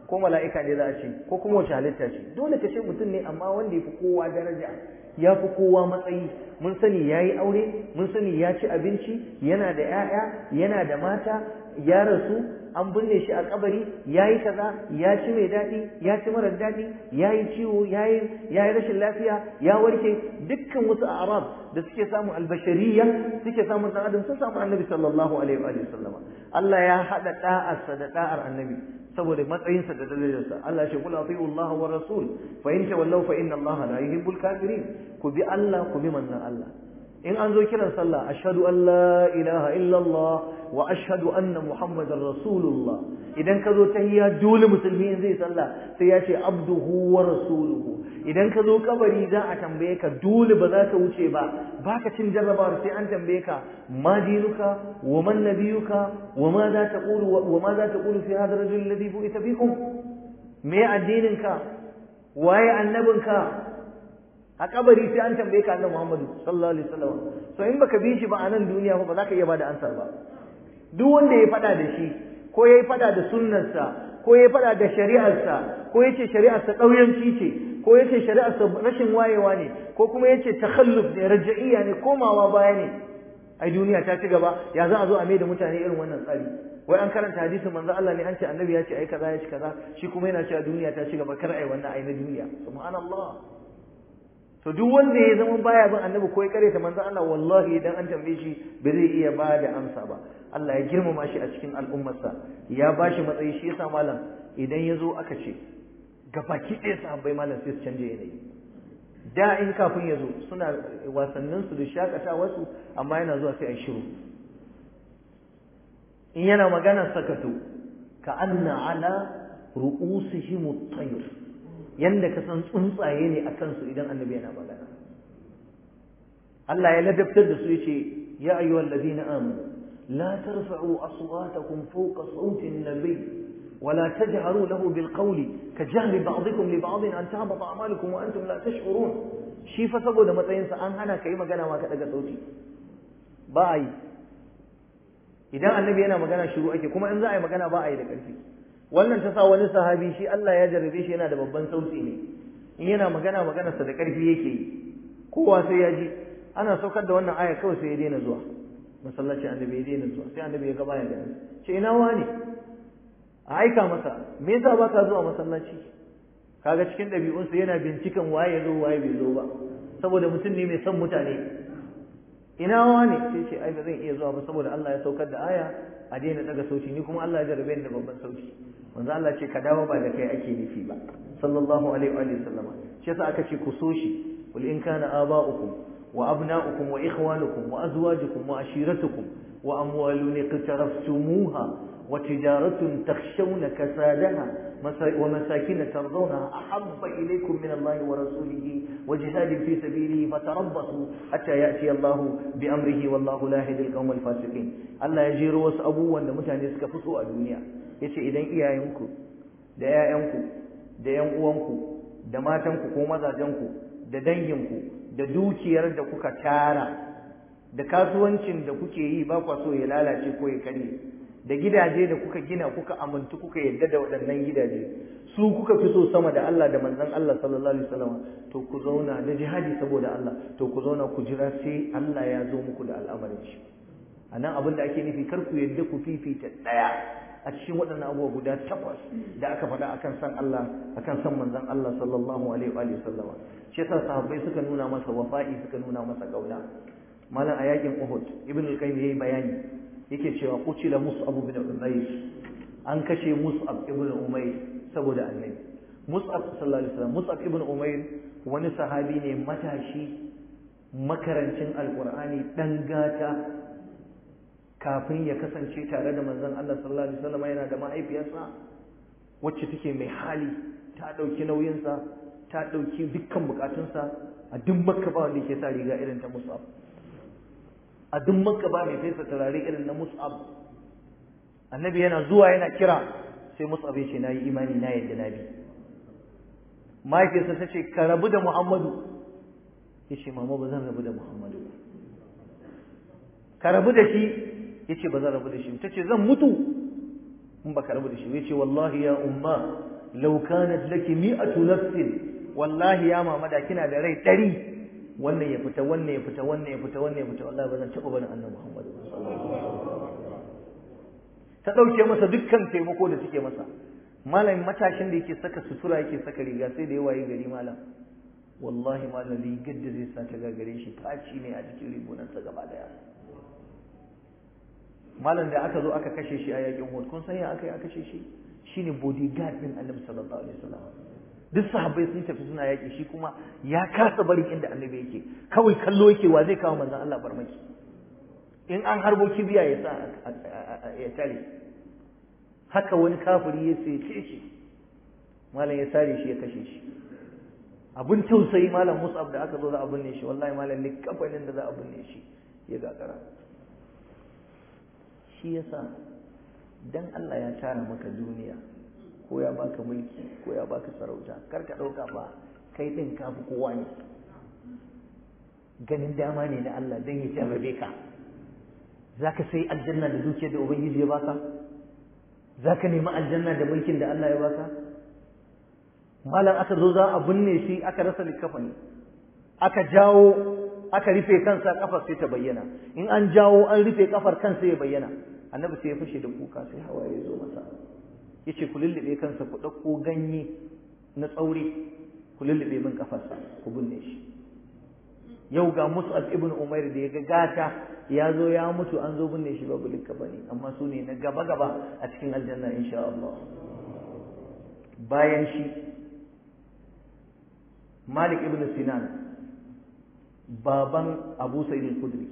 S1: ko mala'ika ne za a ce ko kuma wace halitta ce dole ka ce mutum ne amma wanda ya fi kowa daraja ya fi kowa matsayi mun sani ya yi aure mun sani ya ci abinci yana da 'ya'ya yana da mata ya rasu an binne shi a kabari yayi kaza ya ci mai daɗi ya ci marar daɗi yayi ciwo ya yi rashin lafiya ya warke dukkan wasu a'rab da suke samun albashariya suke samu ɗan adam sun samu annabi sallallahu alaihi wa sallama Allah ya haɗa ɗa'arsa da ɗa'ar annabi saboda matsayinsa da dalilinsa Allah shi kula fi Allah wa rasul fa in tawallaw fa inna Allah la yuhibbul kafirin ku bi Allah ku bi manzon Allah in an zo kiran sallah ashhadu an la ilaha illallah wa ashhadu anna muhammadar rasulullah idan ka zo hiya dole musulmi in zai sallah sai ya ce abduhu wa rasuluhu idan ka zo kabari za a tambaye ka dole ba za ka wuce ba baka cin jarrabawar sai an tambaye ka ma dinuka wa man nabiyuka wa ma za ta qulu wa ma za ta qulu fi hadha rajul alladhi bu'ita bikum me addinin ka waye annabinka a kabari sai an tambaye ka annabi Muhammadu sallallahu alaihi wasallam so in baka bi shi ba a nan duniya ba za ka iya bada ansar ba duk wanda ya fada da shi ko yayi fada da sunnarsa ko ya fada da shari'arsa ko ya ce shari'arsa ƙauyanci ce ko ya ce shari'arsa rashin wayewa ne ko kuma ya ce takhalluf ne raj'iyya ne komawa baya ne ai duniya ta ci gaba ya za a zo a mai da mutane irin wannan tsari wai an karanta hadisin manzo Allah ne an ce annabi ya ce ai kaza ya ci kaza shi kuma yana cewa duniya ta ci gaba kar ai wannan ai na duniya subhanallah to duk wanda ya zama baya bin annabi ko ya ta manzon Allah wallahi idan an tambaye shi ba zai iya ba da amsa ba Allah ya girmama shi a cikin al'ummarsa ya ba shi matsayi shi yasa malam idan ya zo aka ce ga baki ɗaya sahabbai malam sai su canje yanayi da in kafin ya zo suna wasannin su da shakatawa amma yana zuwa sai a shiru in yana magana sakato ka anna ala ru'usihim at-tayr yanda ka san tsuntsaye ne a kansu idan annabi yana magana Allah ya ladabtar da su yace ya ayyuhal ladina amanu la tarfa'u aswatakum fawqa sawti an-nabi ولا تجهروا له ba'dikum li ba'd an tahbat a'malukum wa antum la tash'urun shi fa saboda matsayin sa an hana kai magana ma ka daga sauti ba ai idan annabi yana magana shiru ake kuma in za a yi magana ba a yi da karfi wannan ta sa wani sahabi shi Allah ya jarrabe shi yana da babban sauti ne in yana magana maganarsa da ƙarfi yake yi kowa sai ya ji ana saukar da wannan aya kawai sai ya daina zuwa masallacin annabi ya daina zuwa sai annabi ya gaba ya gani ce ina wani a aika masa me yasa ba ka zuwa masallaci kaga cikin ɗabi'unsa yana binciken waye ya zo waye bai zo ba saboda mutum ne mai son mutane ina wani sai ce ai bazan iya zuwa ba saboda Allah ya saukar da aya a daina daga sauci ni kuma Allah ya jarabe ni da babban sauci manzo Allah ce ka dawo ba da kai ake nufi ba sallallahu alaihi wa alihi sallama shi yasa aka ce ku so shi wal in kana aba'ukum wa abna'ukum wa ikhwanukum wa azwajukum wa ashiratukum wa amwalun iqtarafsumuha wa tijaratun takhshawna kasadaha Wa masaki na a zauna, 'Ahab'bailaikum min Allah wa Rasulihi wa jihadin fisa-bilihi, Fasararrabasu. Acha ya ciyar, bahu biyar amrihi wa Lahu, la haihuwarki wa Allah ya jiyar wasu abubuwan da mutane suka fi a duniya. Ya ce idan iyayenku, da 'ya'yanku da 'yan uwanku da matanku ko mazajenku da danginku da dukiyar da kuka tara da kasuwancin da kuke yi, bakwa so ya lalace ko ya karye. da gidaje da kuka gina kuka amintu kuka yadda da waɗannan gidaje su kuka fi so sama da Allah da manzon Allah sallallahu alaihi wasallam to ku zauna da jihadi saboda Allah to ku zauna ku jira sai Allah ya zo muku da al'amarin shi anan abin da ake nufi kar ku yadda ku fifita ɗaya a cikin waɗannan abubuwa guda takwas da aka faɗa akan san Allah akan san manzon Allah sallallahu alaihi wasallam sahabbai suka nuna masa wafa'i suka nuna masa ƙauna. malam a yakin Uhud ibn al-Qayyim yayi bayani yake cewa kucila mus'ab ibn umayr an kashe mus'ab ibn umayr saboda annabi mus'ab sallallahu alaihi wasallam mus'ab ibn umayr wani sahabi ne matashi makarancin alqur'ani dan gata kafin ya kasance tare da manzon Allah sallallahu alaihi wasallam yana da mahaifiyarsa wacce take mai hali ta dauki nauyinsa ta dauki dukkan bukatunsa a duk makka ba wanda yake sa riga irin ta mus'ab a duk makka ba mai fesa turare irin na mus'ab annabi yana zuwa yana kira sai mus'ab ya ce na yi imani na yadda na bi mahaifiyarsa ta ce ka rabu da muhammadu ya ce mama ba zan rabu da muhammadu ka rabu da shi ya ce ba zan rabu da shi ta ce zan mutu in ba ka rabu da shi ya ce wallahi ya umma lau kanat laki mi'atu nafsin wallahi ya mama da kina da rai ɗari wannan ya fita wannan ya fita wannan ya fita wannan ya fita Allah ba zan taɓa barin annabi Muhammad ta ɗauke masa dukkan taimako da suke masa malamin matashin da yake saka sutura yake saka riga sai da yawaye gari malam wallahi malam rigar da zai sa ta gagare shi faci ne a cikin rigunansa gaba daya malam da aka zo aka kashe shi a yakin hud kun san ya aka yi aka kashe shi shine bodyguard din annabi sallallahu alaihi wasallam duk sahabbai sun tafi suna yaƙi shi kuma ya kasa barin inda annabi yake kawai kallo yake wa zai kawo manzon Allah barmaki in an harbo kibiya
S2: ya sa
S1: ya tare haka wani kafiri ya ce shi malam ya sare shi ya kashe shi abin tausayi malam Mus'ab da aka zo za a binne shi wallahi malam ne kafanin da za a binne shi ya gagara shi yasa dan Allah ya tara maka duniya ko ya baka mulki ko ya baka sarauta kar ka ɗauka ba kai ɗin ka fi kowa ne ganin dama ne na Allah don ya jarrabe ka za ka sai aljanna da dukiyar da ubangiji ya baka za ka nemi aljanna da mulkin da Allah ya baka malam aka zo za a binne shi aka rasa likafani aka jawo aka rufe kansa kafar sai ta bayyana in an jawo an rufe kafar kansa ya bayyana annabi sai ya fashe da kuka sai hawaye ya zo masa ce ku lullube kansa ku ɗauko ganye na tsauri ku lullube min kafarsa ku binne shi yau ga Mus'ab ibn Umair da ya ga gata ya zo ya mutu an zo binne shi babu likka bane amma su ne na gaba gaba a cikin aljanna insha Allah bayan shi Malik ibn Sinan baban Abu Sa'id al-Khudri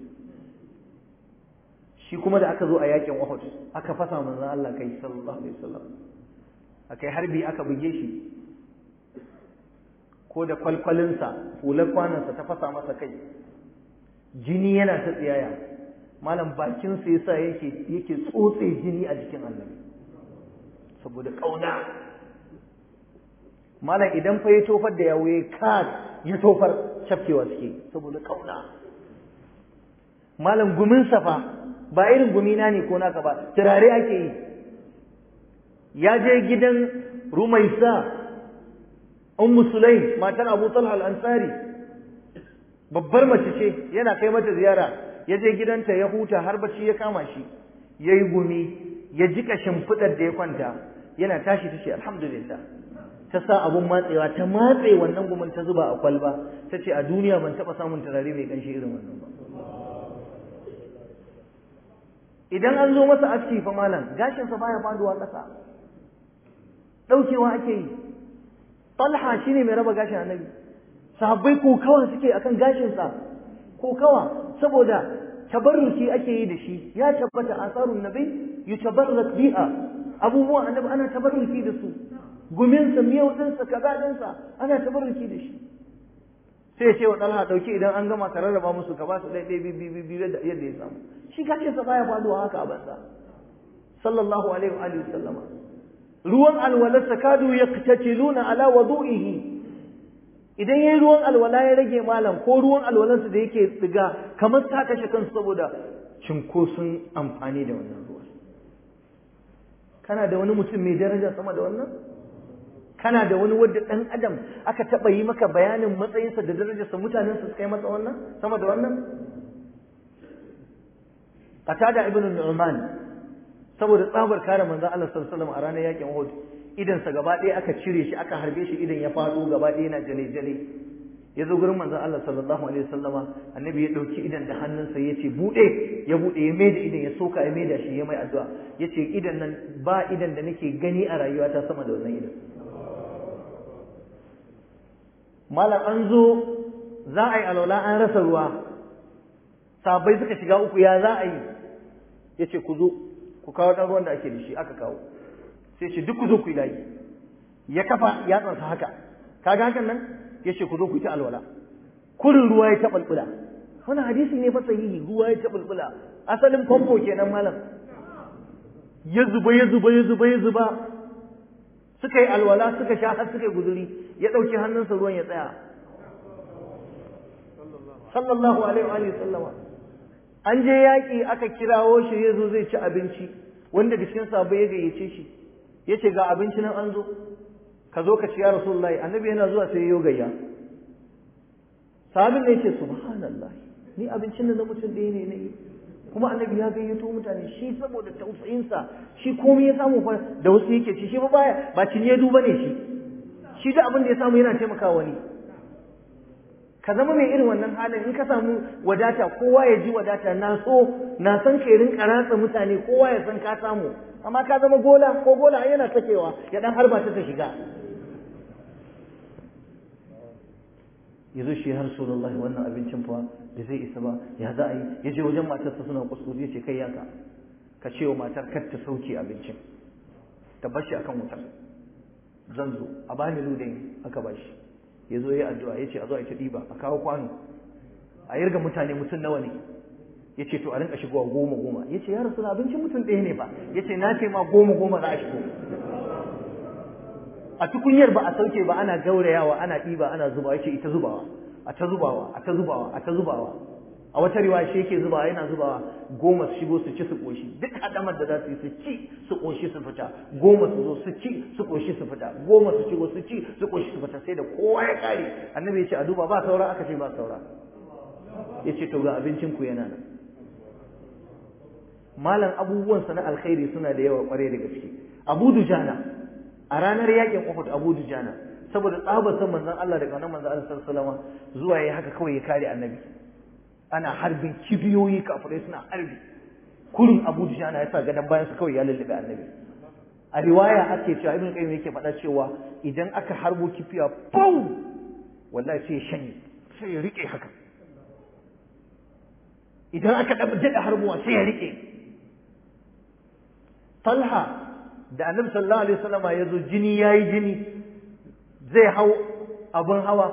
S1: shi kuma da aka zo a yakin Uhud aka fasa manzon Allah kai sallallahu alaihi wasallam akai harbi aka buge shi ko da kwalkwalin fulan hular sa ta fasa masa kai jini yana ta tsiyaya malam bakinsa yasa yake yake tsotse jini a jikin Allah saboda kauna malam idan fa ya tofar da yawo ya ya tofar cafkewa suke saboda kauna malam gumin safa ba irin gumina ne ko naka ba turare ake yi ya je gidan rumaisa an Musulai, matan abu talha al’ansari babbar mace ce yana kai mata ziyara ya je gidanta ya huta har bacci ya kama shi ya yi gumi ya jika shimfiɗar da ya kwanta yana tashi ta ce alhamdulillah ta sa abun matsewa ta matse wannan gumin ta zuba a kwalba ta ce a duniya ban taɓa samun turare mai ƙanshi irin wannan ba idan an zo masa aski fa malam gashinsa baya faduwa ƙasa ɗaukewa ake yi talha ne mai raba gashin annabi sahabbai kokawa suke akan gashinsa kokawa saboda tabarruki ake yi da shi ya tabbata asarun nabi yutabarrak biha abubuwan annabi ana tabarruki da su guminsa miyau ɗinsa kaza ɗinsa ana tabarruki da shi sai ya ce wa ɗalha ɗauki idan an gama ta rarraba musu ka ba su ɗaya ɗaya biyu biyu yadda ya samu shi sa baya faduwa haka a banza sallallahu alaihi wa alihi sallama ruwan alwalarsa kadu luna ala wudu'ihi idan yayi ruwan alwala ya rage malam ko ruwan alwalarsa da yake tsiga kamar ta kashe kansu saboda cinkoson amfani da wannan ruwan kana da wani mutum mai daraja sama da wannan kana da wani wadda ɗan adam aka taɓa yi maka bayanin matsayinsa da darajarsa mutanen su kai masa wannan sama da wannan da ibn nu'man saboda tsabar kare manzon Allah sallallahu alaihi wasallam a ranar yakin Uhud idan sa gaba ɗaya aka cire shi aka harbe shi idan ya faɗo gaba ɗaya yana jale jale ya zo gurin manzon Allah sallallahu alaihi wasallama annabi ya dauki idan da hannunsa ya ce bude ya bude ya maida idan ya soka ya maida shi ya mai addu'a ya ce idan nan ba idan da nake gani a rayuwata sama da wannan idan malam an zo za a yi alwala an rasa ruwa sabai suka shiga uku ya za a yi ya ce ku zo ku kawo ɗan ruwan da ake da shi aka kawo sai ce duk ku zo ku yi layi ya kafa ya tsansa haka kaga hakan nan ya ce ku zo ku yi ta alwala kurin ruwa ya taɓalɓula wani hadisi ne fa sahihi ruwa ya taɓalɓula asalin famfo kenan malam ya zuba ya zuba ya zuba ya zuba suka yi alwala suka sha har suka guduri ya ɗauki hannunsa ruwan ya tsaya sallallahu alaihi wa sallama an je yaki aka kirawo shi ya zo zai ci abinci wanda cikin sabai ya gayyace shi ya ce ga abinci nan an zo ka zo ka ci ya rasulullahi annabi yana zuwa sai ya gayya sabin ne ya ce subhanallah ni abincin da na mutum ɗaya ne na yi kuma annabi ya gayyato mutane shi saboda tausayinsa shi komai ya samu fa da wasu yake ci shi ba baya ba cinye duba ne shi shi da abin da ya samu yana taimakawa wani ka zama mai irin wannan halin in ka samu wadata kowa ya ji wadata na so na san ka irin karatsa mutane kowa ya san ka samu amma ka zama gola ko gola yana sakewa ya dan harba ta shiga yazo shi har rasulullahi wannan abincin fa da zai isa ba ya za a yi ya je wajen matarsa suna kusuri ya ce kai yaka ka ce wa matar kar ta sauke abincin ta bashi akan wutar zan zo a bani ludin aka bashi ya zo ya addu'a ya ce a zo a ta ɗiba a kawo kwano a yarga mutane mutum nawa ne ya ce to a rinka shigowa goma goma ya ce ya rasu abincin mutum ɗaya ne ba ya ce na ce ma goma goma za a shigo a tukunyar ba a sauke ba ana gaurayawa ana ɗiba ana zuba ya ce ita zubawa a ta zubawa a ta zubawa a ta zubawa a wata riwa shi yake zubawa yana zubawa goma su shigo su ci su koshi duk adamar da za su yi su ci su koshi su fita goma su zo su ci su koshi su fita goma su shigo su ci su koshi su fita sai da kowa ya kare annabi ya ce a duba ba saura aka ce ba saura ya ce to ga abincin ku yana nan malam abubuwansa na alkhairi suna da yawa kwarai da gaske abu jana, a ranar yakin uhud abu jana. saboda tsabar san manzan Allah daga nan manzan Allah sallallahu alaihi wasallam zuwa yayi haka kawai ya kare annabi ana harbin kibiyoyi kafirai suna harbi kurin Abu Dujana yasa sa gadan bayan su kawai ya lullube annabi a riwaya ake cewa Ibn Qayyim yake faɗa cewa idan aka harbo kifiya pau wallahi sai shanye sai ya rike haka idan aka da harbuwa sai ya rike Talha da Annabi sallallahu alaihi wasallam ya zo jini yayi jini zai hau abin hawa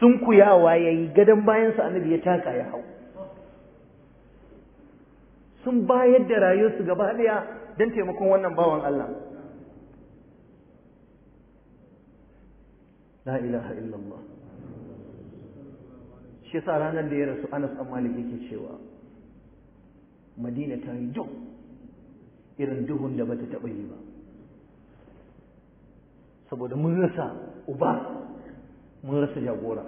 S1: sun kuyawa ya yi gadon bayansu annabi ya taka ya hau sun bayar da rayuwarsu gaba ɗaya don taimakon wannan bawan Allah la ilaha illallah shi sa ranar da ya rasu Anas an Malik yake cewa Madina ta yi duk irin duhun da bata taɓa yi ba saboda mun rasa uba mun rasa jagora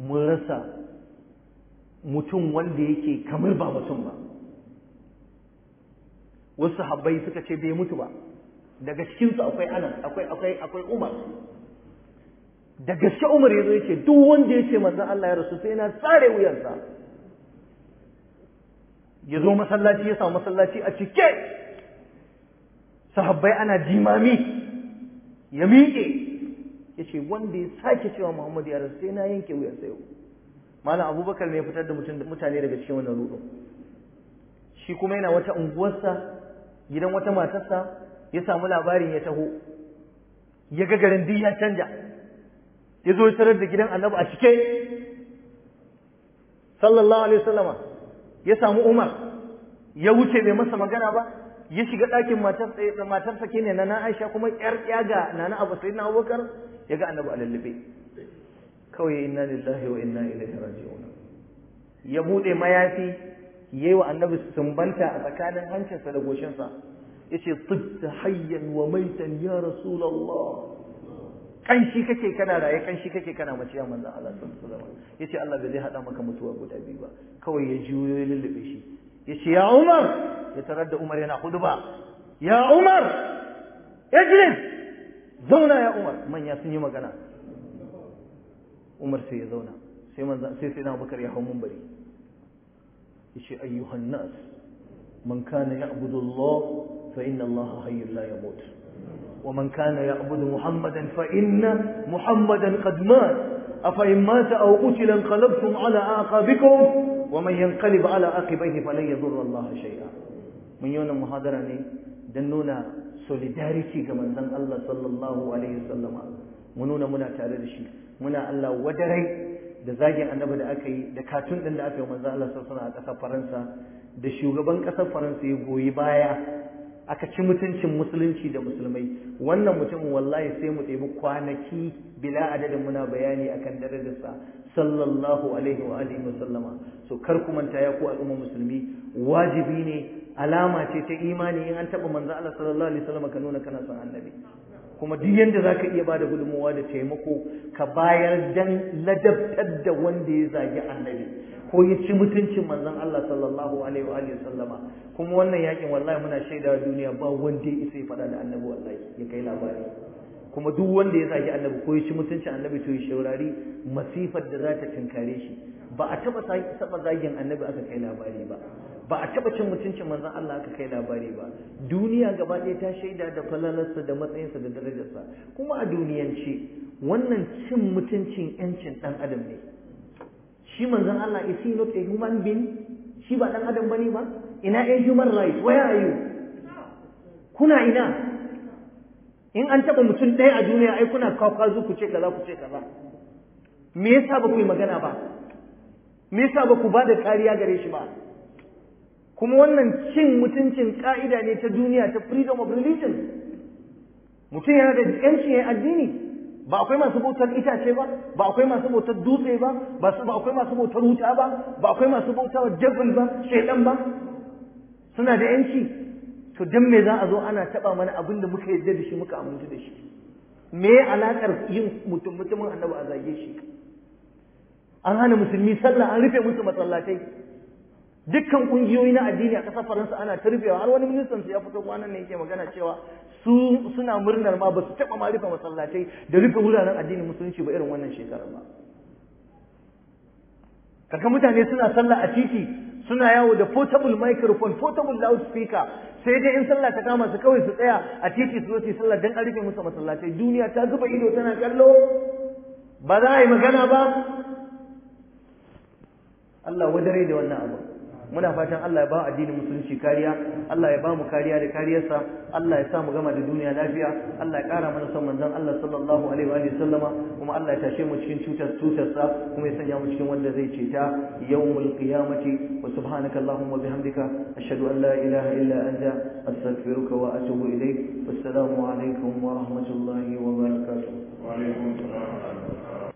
S1: mun rasa mutum wanda yake kamar ba mutum ba wasu habbai suka ce bai mutu ba daga cikinsu akwai anas akwai akwai akwai umar da gaske umar ya zo ya duk wanda ya ce manzan Allah ya rasu sai yana tsare wuyansa ya zo masallaci ya samu masallaci a cike sahabbai ana jimami ya miƙe ya ce wanda ya sake cewa Muhammadu ya rasu sai na yanke wuya sai malam abubakar ne ya fitar da mutane daga cikin wannan rudin shi kuma yana wata unguwarsa gidan wata matarsa ya samu labarin ya taho ya ga garin duk ya canja ya zo ya tarar da gidan annabi a cike sallallahu alaihi wasallama ya samu umar ya wuce bai masa magana ba ya shiga ɗakin matarsa ke ne na na aisha kuma ƴar yaga na na abu sai na abubakar ya ga annabi a lallabe kawai inna lillahi wa inna ilaihi raji'un ya buɗe mayafi yayi wa annabi sumbanta a tsakanin hancinsa da goshinsa yace tibta hayyan wa maitan ya rasulullah kanshi kake kana raye kanshi kake kana mace ya manzon Allah sallallahu alaihi wasallam yace Allah bai zai hada maka mutuwa guda biyu ba kawai ya juyo ya lullube shi يشي يا عمر يتردى عمر ينا خدبا يا عمر اجلس زونا يا عمر من يسني مغنا عمر سي زونا سي من سي سيدنا ابو بكر يا منبري يشي ايها الناس من كان يعبد الله فان الله حي لا يموت ومن كان يعبد محمدا فإن محمدا قد مات أفإن مات أو قتل انقلبتم على أعقابكم ومن ينقلب على عقبيه فلن يضر الله شيئا من يوم ne ني دنونا solidarity ga manzon Allah sallallahu alaihi wasallama mu nuna muna tare da shi muna Allah wadarai da zagin annabi da aka yi da katun din da aka yi manzon Allah sallallahu alaihi a ƙasar Faransa da shugaban ƙasar Faransa ya goyi baya aka ci mutuncin musulunci da musulmai wannan mutumin wallahi sai mu ɗebi kwanaki bila adadin muna bayani akan darajarsa sallallahu alaihi wa alihi wa sallama so kar ku manta ya ku al'umma musulmi wajibi ne alama ce ta imani in an taba manzo Allah sallallahu alaihi ka nuna kana son annabi kuma duk yanda zaka iya bada gudunmawa da taimako ka bayar dan ladabtar da wanda ya zagi annabi ko ya ci mutuncin manzon Allah sallallahu alaihi wa alihi sallama kuma wannan yakin wallahi muna shaidawa duniya ba wanda ya isa ya fada da annabi wallahi ya kai labari kuma duk wanda ya zagi annabi ko ya ci mutuncin annabi to ya shaurari masifar da za ta tinkare shi ba a taba saba zagin annabi aka kai labari ba ba a taba cin mutuncin manzon Allah aka kai labari ba duniya gaba ɗaya ta shaida da falalarsa da matsayinsa da darajarsa kuma a duniyance wannan cin mutuncin yancin dan adam ne shi manzon Allah is he not a human being shi ba dan adam bane ba ina a human right where are you kuna ina in an taɓa mutum ɗaya a duniya ai kuna kawo ku ce kaza ku ce kaza me yasa ba ku yi magana ba me yasa ba ku ba da kariya gare shi ba kuma wannan cin mutuncin ka'ida ne ta duniya ta freedom of religion mutum yana da yancin ya addini ba akwai masu bautar itace ba ba akwai masu bautar dutse ba ba akwai masu bautar wuta ba ba akwai masu bautar jabal ba shaidan ba suna da yanci to dan me za a zo ana taba mana abin da muka yarda da shi muka amince da shi me alaƙar yin mutum mutumin annabi a zage shi an hana musulmi sallah an rufe musu masallatai dukkan kungiyoyi na addini a ƙasar faransa ana ta rufewa har wani ministan su ya fito kwanan ne yake magana cewa su suna murnar ma ba su taɓa ma rufe masallatai da rufe wuraren addini musulunci ba irin wannan shekarar ba kaga mutane suna sallah a titi suna yawo da portable microphone portable loudspeaker sai dai in sallah ta kama su kawai su tsaya a titi su zo sallah dan a musu masallatai duniya ta zuba ido tana kallo
S2: ba za a yi magana ba
S1: Allah wadare da wannan abu muna fatan Allah ya ba addinin musulunci kariya Allah ya ba mu kariya da kariyarsa Allah ya sa mu gama da duniya lafiya Allah ya kara mana son manzon Allah sallallahu alaihi wa sallama kuma Allah ya tashe mu cikin cutar cutarsa kuma ya sanya mu cikin wanda zai ceta yawmul qiyamati wa subhanaka allahumma bihamdika ashhadu an la ilaha illa anta
S2: astaghfiruka wa atubu ilayk wassalamu alaikum wa rahmatullahi wa barakatuh wa alaikum assalam